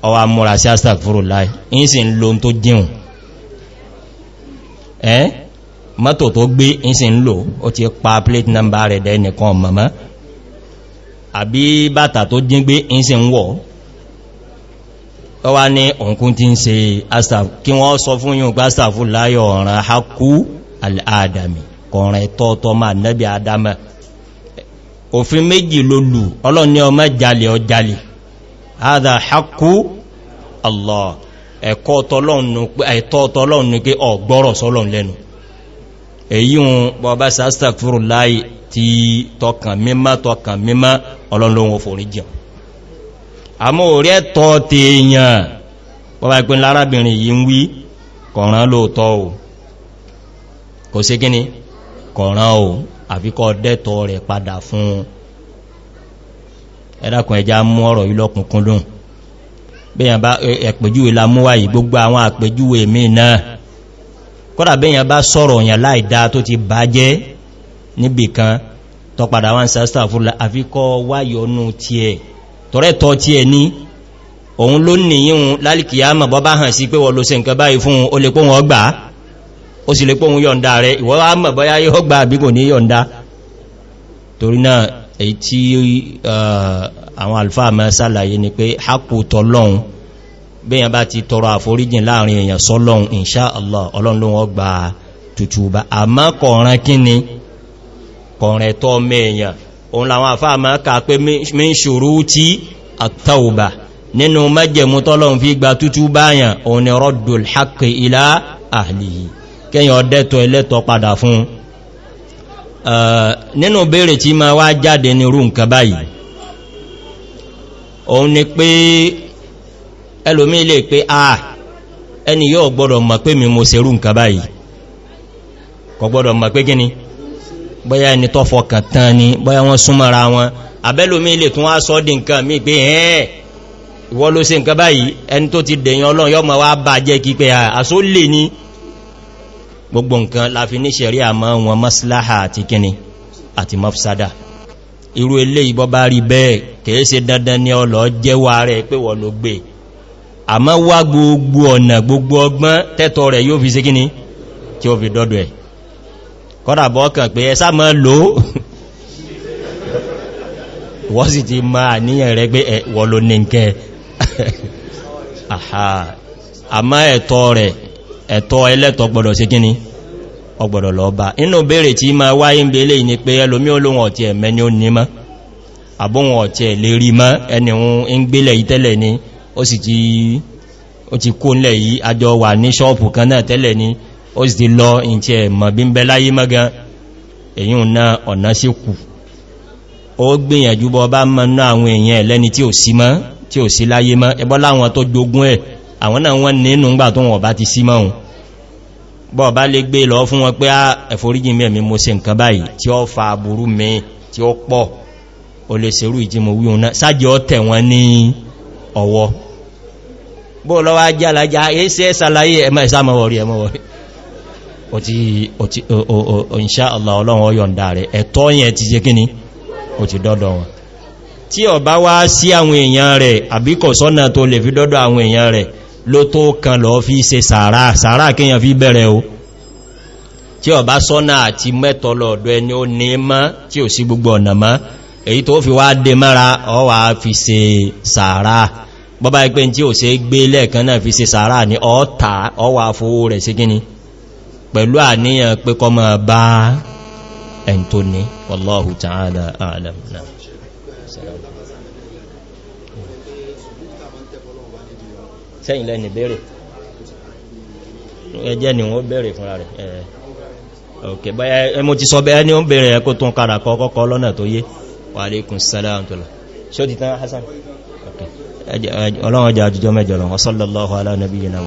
[SPEAKER 1] ọwá múra sí astagfuru láì in sì ń lo tó jíun ẹ́ mọ́tò tó gbé in sì ń lò ó ti pa plate number rẹ̀ dẹ́ nìkan mọ̀mọ́ àbí bàtà tó jí gbé in sì ń wọ̀ ọwá ní òǹkún ti ń se kí wọ́n sọ fún yíò gbá astagfuru láyọ̀ ọ̀ràn hakú al'adami kọ̀rìn tọ́ọ̀tọ́ máa nẹ́bí adama òfin méjì ló lù ọlọ́ni ọmọ jalè ọjalè haza haku allah ẹ̀kọ́ ọ̀tọ́lọ́nù pé ọ̀gbọ́rọ̀ sọ́lọ́n lẹ́nu èyí hun bọ̀bá sàstàkúrù láì ti tọkàn mímá tọkàn mímá ọlọ́lọ́wọ́ fòrí jẹun àmọ́ orí ẹ̀tọ́ ti èèyàn bọ́bá ìpín lárábìnrin yìí ń wí kọ̀ràn lóòtọ́ ò kò sí gíní kọ̀ràn àfikọ́ dẹ́tọ̀ rẹ̀ padà fún ẹ̀dàkùn ẹja mú ọ̀rọ̀ ìlọ́kùnkún lóhun bẹ́yàn bá ẹ̀pẹ̀júwe la mú wáyìí gbogbo àwọn àpẹ̀júwe mí náà kọ́dà bẹ́yàn bá sọ̀rọ̀ òyàn láìdá tó ti bá jẹ́ níbìkan tọpadà wọn sẹ́stà fúnlá àfikọ́ wáyọnú tí ẹ̀ tọ́rẹ́tọ́ tí ẹ ní òun ló nìyíun lálìkìyàmọ̀ bọ́bá hàn sí pé wọ́n lo se nǹkan báyìí fún olè pọ́ wọn gbàá ó sì lè pọ́ ohun yọ̀nda rẹ̀ ìwọ́ a mọ̀ bọ́yá yóò gbà àbí kò ní yọ̀nda torí náà èyí tí àwọn alfa mẹ́ sálàyé ni pé hapò tọ́lọ́un bẹ́yàn bá ti tọrọ àforíjìn láàrin èèyàn sọ́lọ́un inṣá Allah ọlọ́run ló wọ́n gbà tutù bá àmọ́ kọ̀ọ̀rán kíni kọ̀ọ̀rán ẹ̀tọ́ mẹ́yàn òun làwọn fi gba tutù báyàn òun ni haqqi ila ahlihi kẹ́yàn ọdẹ́tọ̀ ẹlẹ́tọ̀ padà fún nínú bèèrè tí ma wá jáde ní irú nǹkan báyìí òun ni pé ẹlòmí ilé pé a ẹni yóò gbọ́dọ̀ mọ̀ pé mi mo serú nǹkan báyìí kò gbọ́dọ̀ mọ̀ pé gíní bọ́yá ẹni tó fọkàn tán ni bọ́yá wọ́n súnmọ́ra wọn àbẹ́lòmí ilé tún wá sọ́ dì nǹkan mi pé ẹ̀ẹ́ ìwọ́ ló se nǹkan báyìí ẹni tó ti dèyàn ọlọ́run yọ́ mọ̀ wá bàjẹ́ kí pé àsó lè ní gbogbo nǹkan láfi ní ṣẹ̀rí àmọ́ wọn maslaha àti kíni àti mafsada irú ilé ìbọ́ bá rí bẹ́ẹ̀ kìí ṣe dandan ní ọlọ́ jẹ́wà rẹ̀ pé wọ́n ló gbé àmọ́ wá gbogbo ọ̀nà gbogbo ọgbọ́n tẹ́tọ̀ rẹ̀ yóò fi sí kíni tí ó fi dọ́dọ̀ ẹ̀ kọ́dà [LAUGHS] [LAUGHS] ẹ̀tọ́ rẹ̀ ẹ̀tọ́ ẹlẹ́tọ̀ gbọ́dọ̀ sí kíní ọgbọ̀dọ̀ lọ́ọ̀bá inú bèèrè tí ma wáyé ń bè lè ní pé ẹlòmí olóhun ọ̀tí ẹ̀mẹ́ ni ó ní mọ́ àbóhun ọ̀tí ẹ̀ lè rí mọ́ ẹni ohun ń gbélẹ̀ ni ó sì ti ó ti kó nílẹ̀ wà ní ṣọ́ọ̀pù kan ni ó ti lọ ìntí bí ń bẹ láyé na ọ̀nà sí kù ó gbìyànjú bọ́ bá mọ́ àwọn èèyàn tí ò sí mọ́ tí ò sí láyé mọ́ ẹbọ́ láwọn tó jogún ẹ̀ àwọn náà bọ́ bá lè gbé lọ fún wọn pé á ah, ẹ̀foríjì mẹ́mí mo se nǹkan báyìí tí ó fa àbúrú mi tí ó pọ̀ o lè serú ìjímọ̀ wíhun náà sáàjì ọ tẹ̀ wọn ní ọwọ́ bó lọ́wọ́ ajá alájá ẹ́sẹ́ sàlàyé ẹmọ́ ìsámọ́wọ̀rí ẹmọ́wọ̀rí tí ọ̀bá wá sí àwọn èèyàn rẹ̀ àbíkọ̀ sọ́nà tó lè fi dọ́dọ̀ àwọn èèyàn rẹ̀ ló tó kan lọ fi ṣe sàárà sàárà kíyàn fi bẹ̀rẹ̀ o tí ó bá sọ́nà àti mẹ́tọ̀ lọ́dọ̀ ẹni ó ní mọ́ tí ò sí gbogbo ọ̀nà mọ́ èyí tó fi wá dé mọ́ra ọ wà fi ṣe sàárà bọ́bá ẹgbẹ́ tí ò ṣe gbé lẹ́ẹ̀kan náà fi ṣe sàárà ní ọ́ta ọ wà fowó rẹ̀ sí gíní pẹ̀lú àníyàn pé kọmọ bá ẹ̀ntó ní wallahu ta'ala a'lam sẹ́yìn lẹ́ni bèèrè ẹjẹ́ ni wọ́n bèèrè fúnra rẹ̀ ẹ̀ ok báyá ẹmọ ti sọ bẹ́ẹ̀ ni ó bèèrè ẹkó tún kàrà kọ́kọ́ lọ́nà tó yé wà alékùn sálà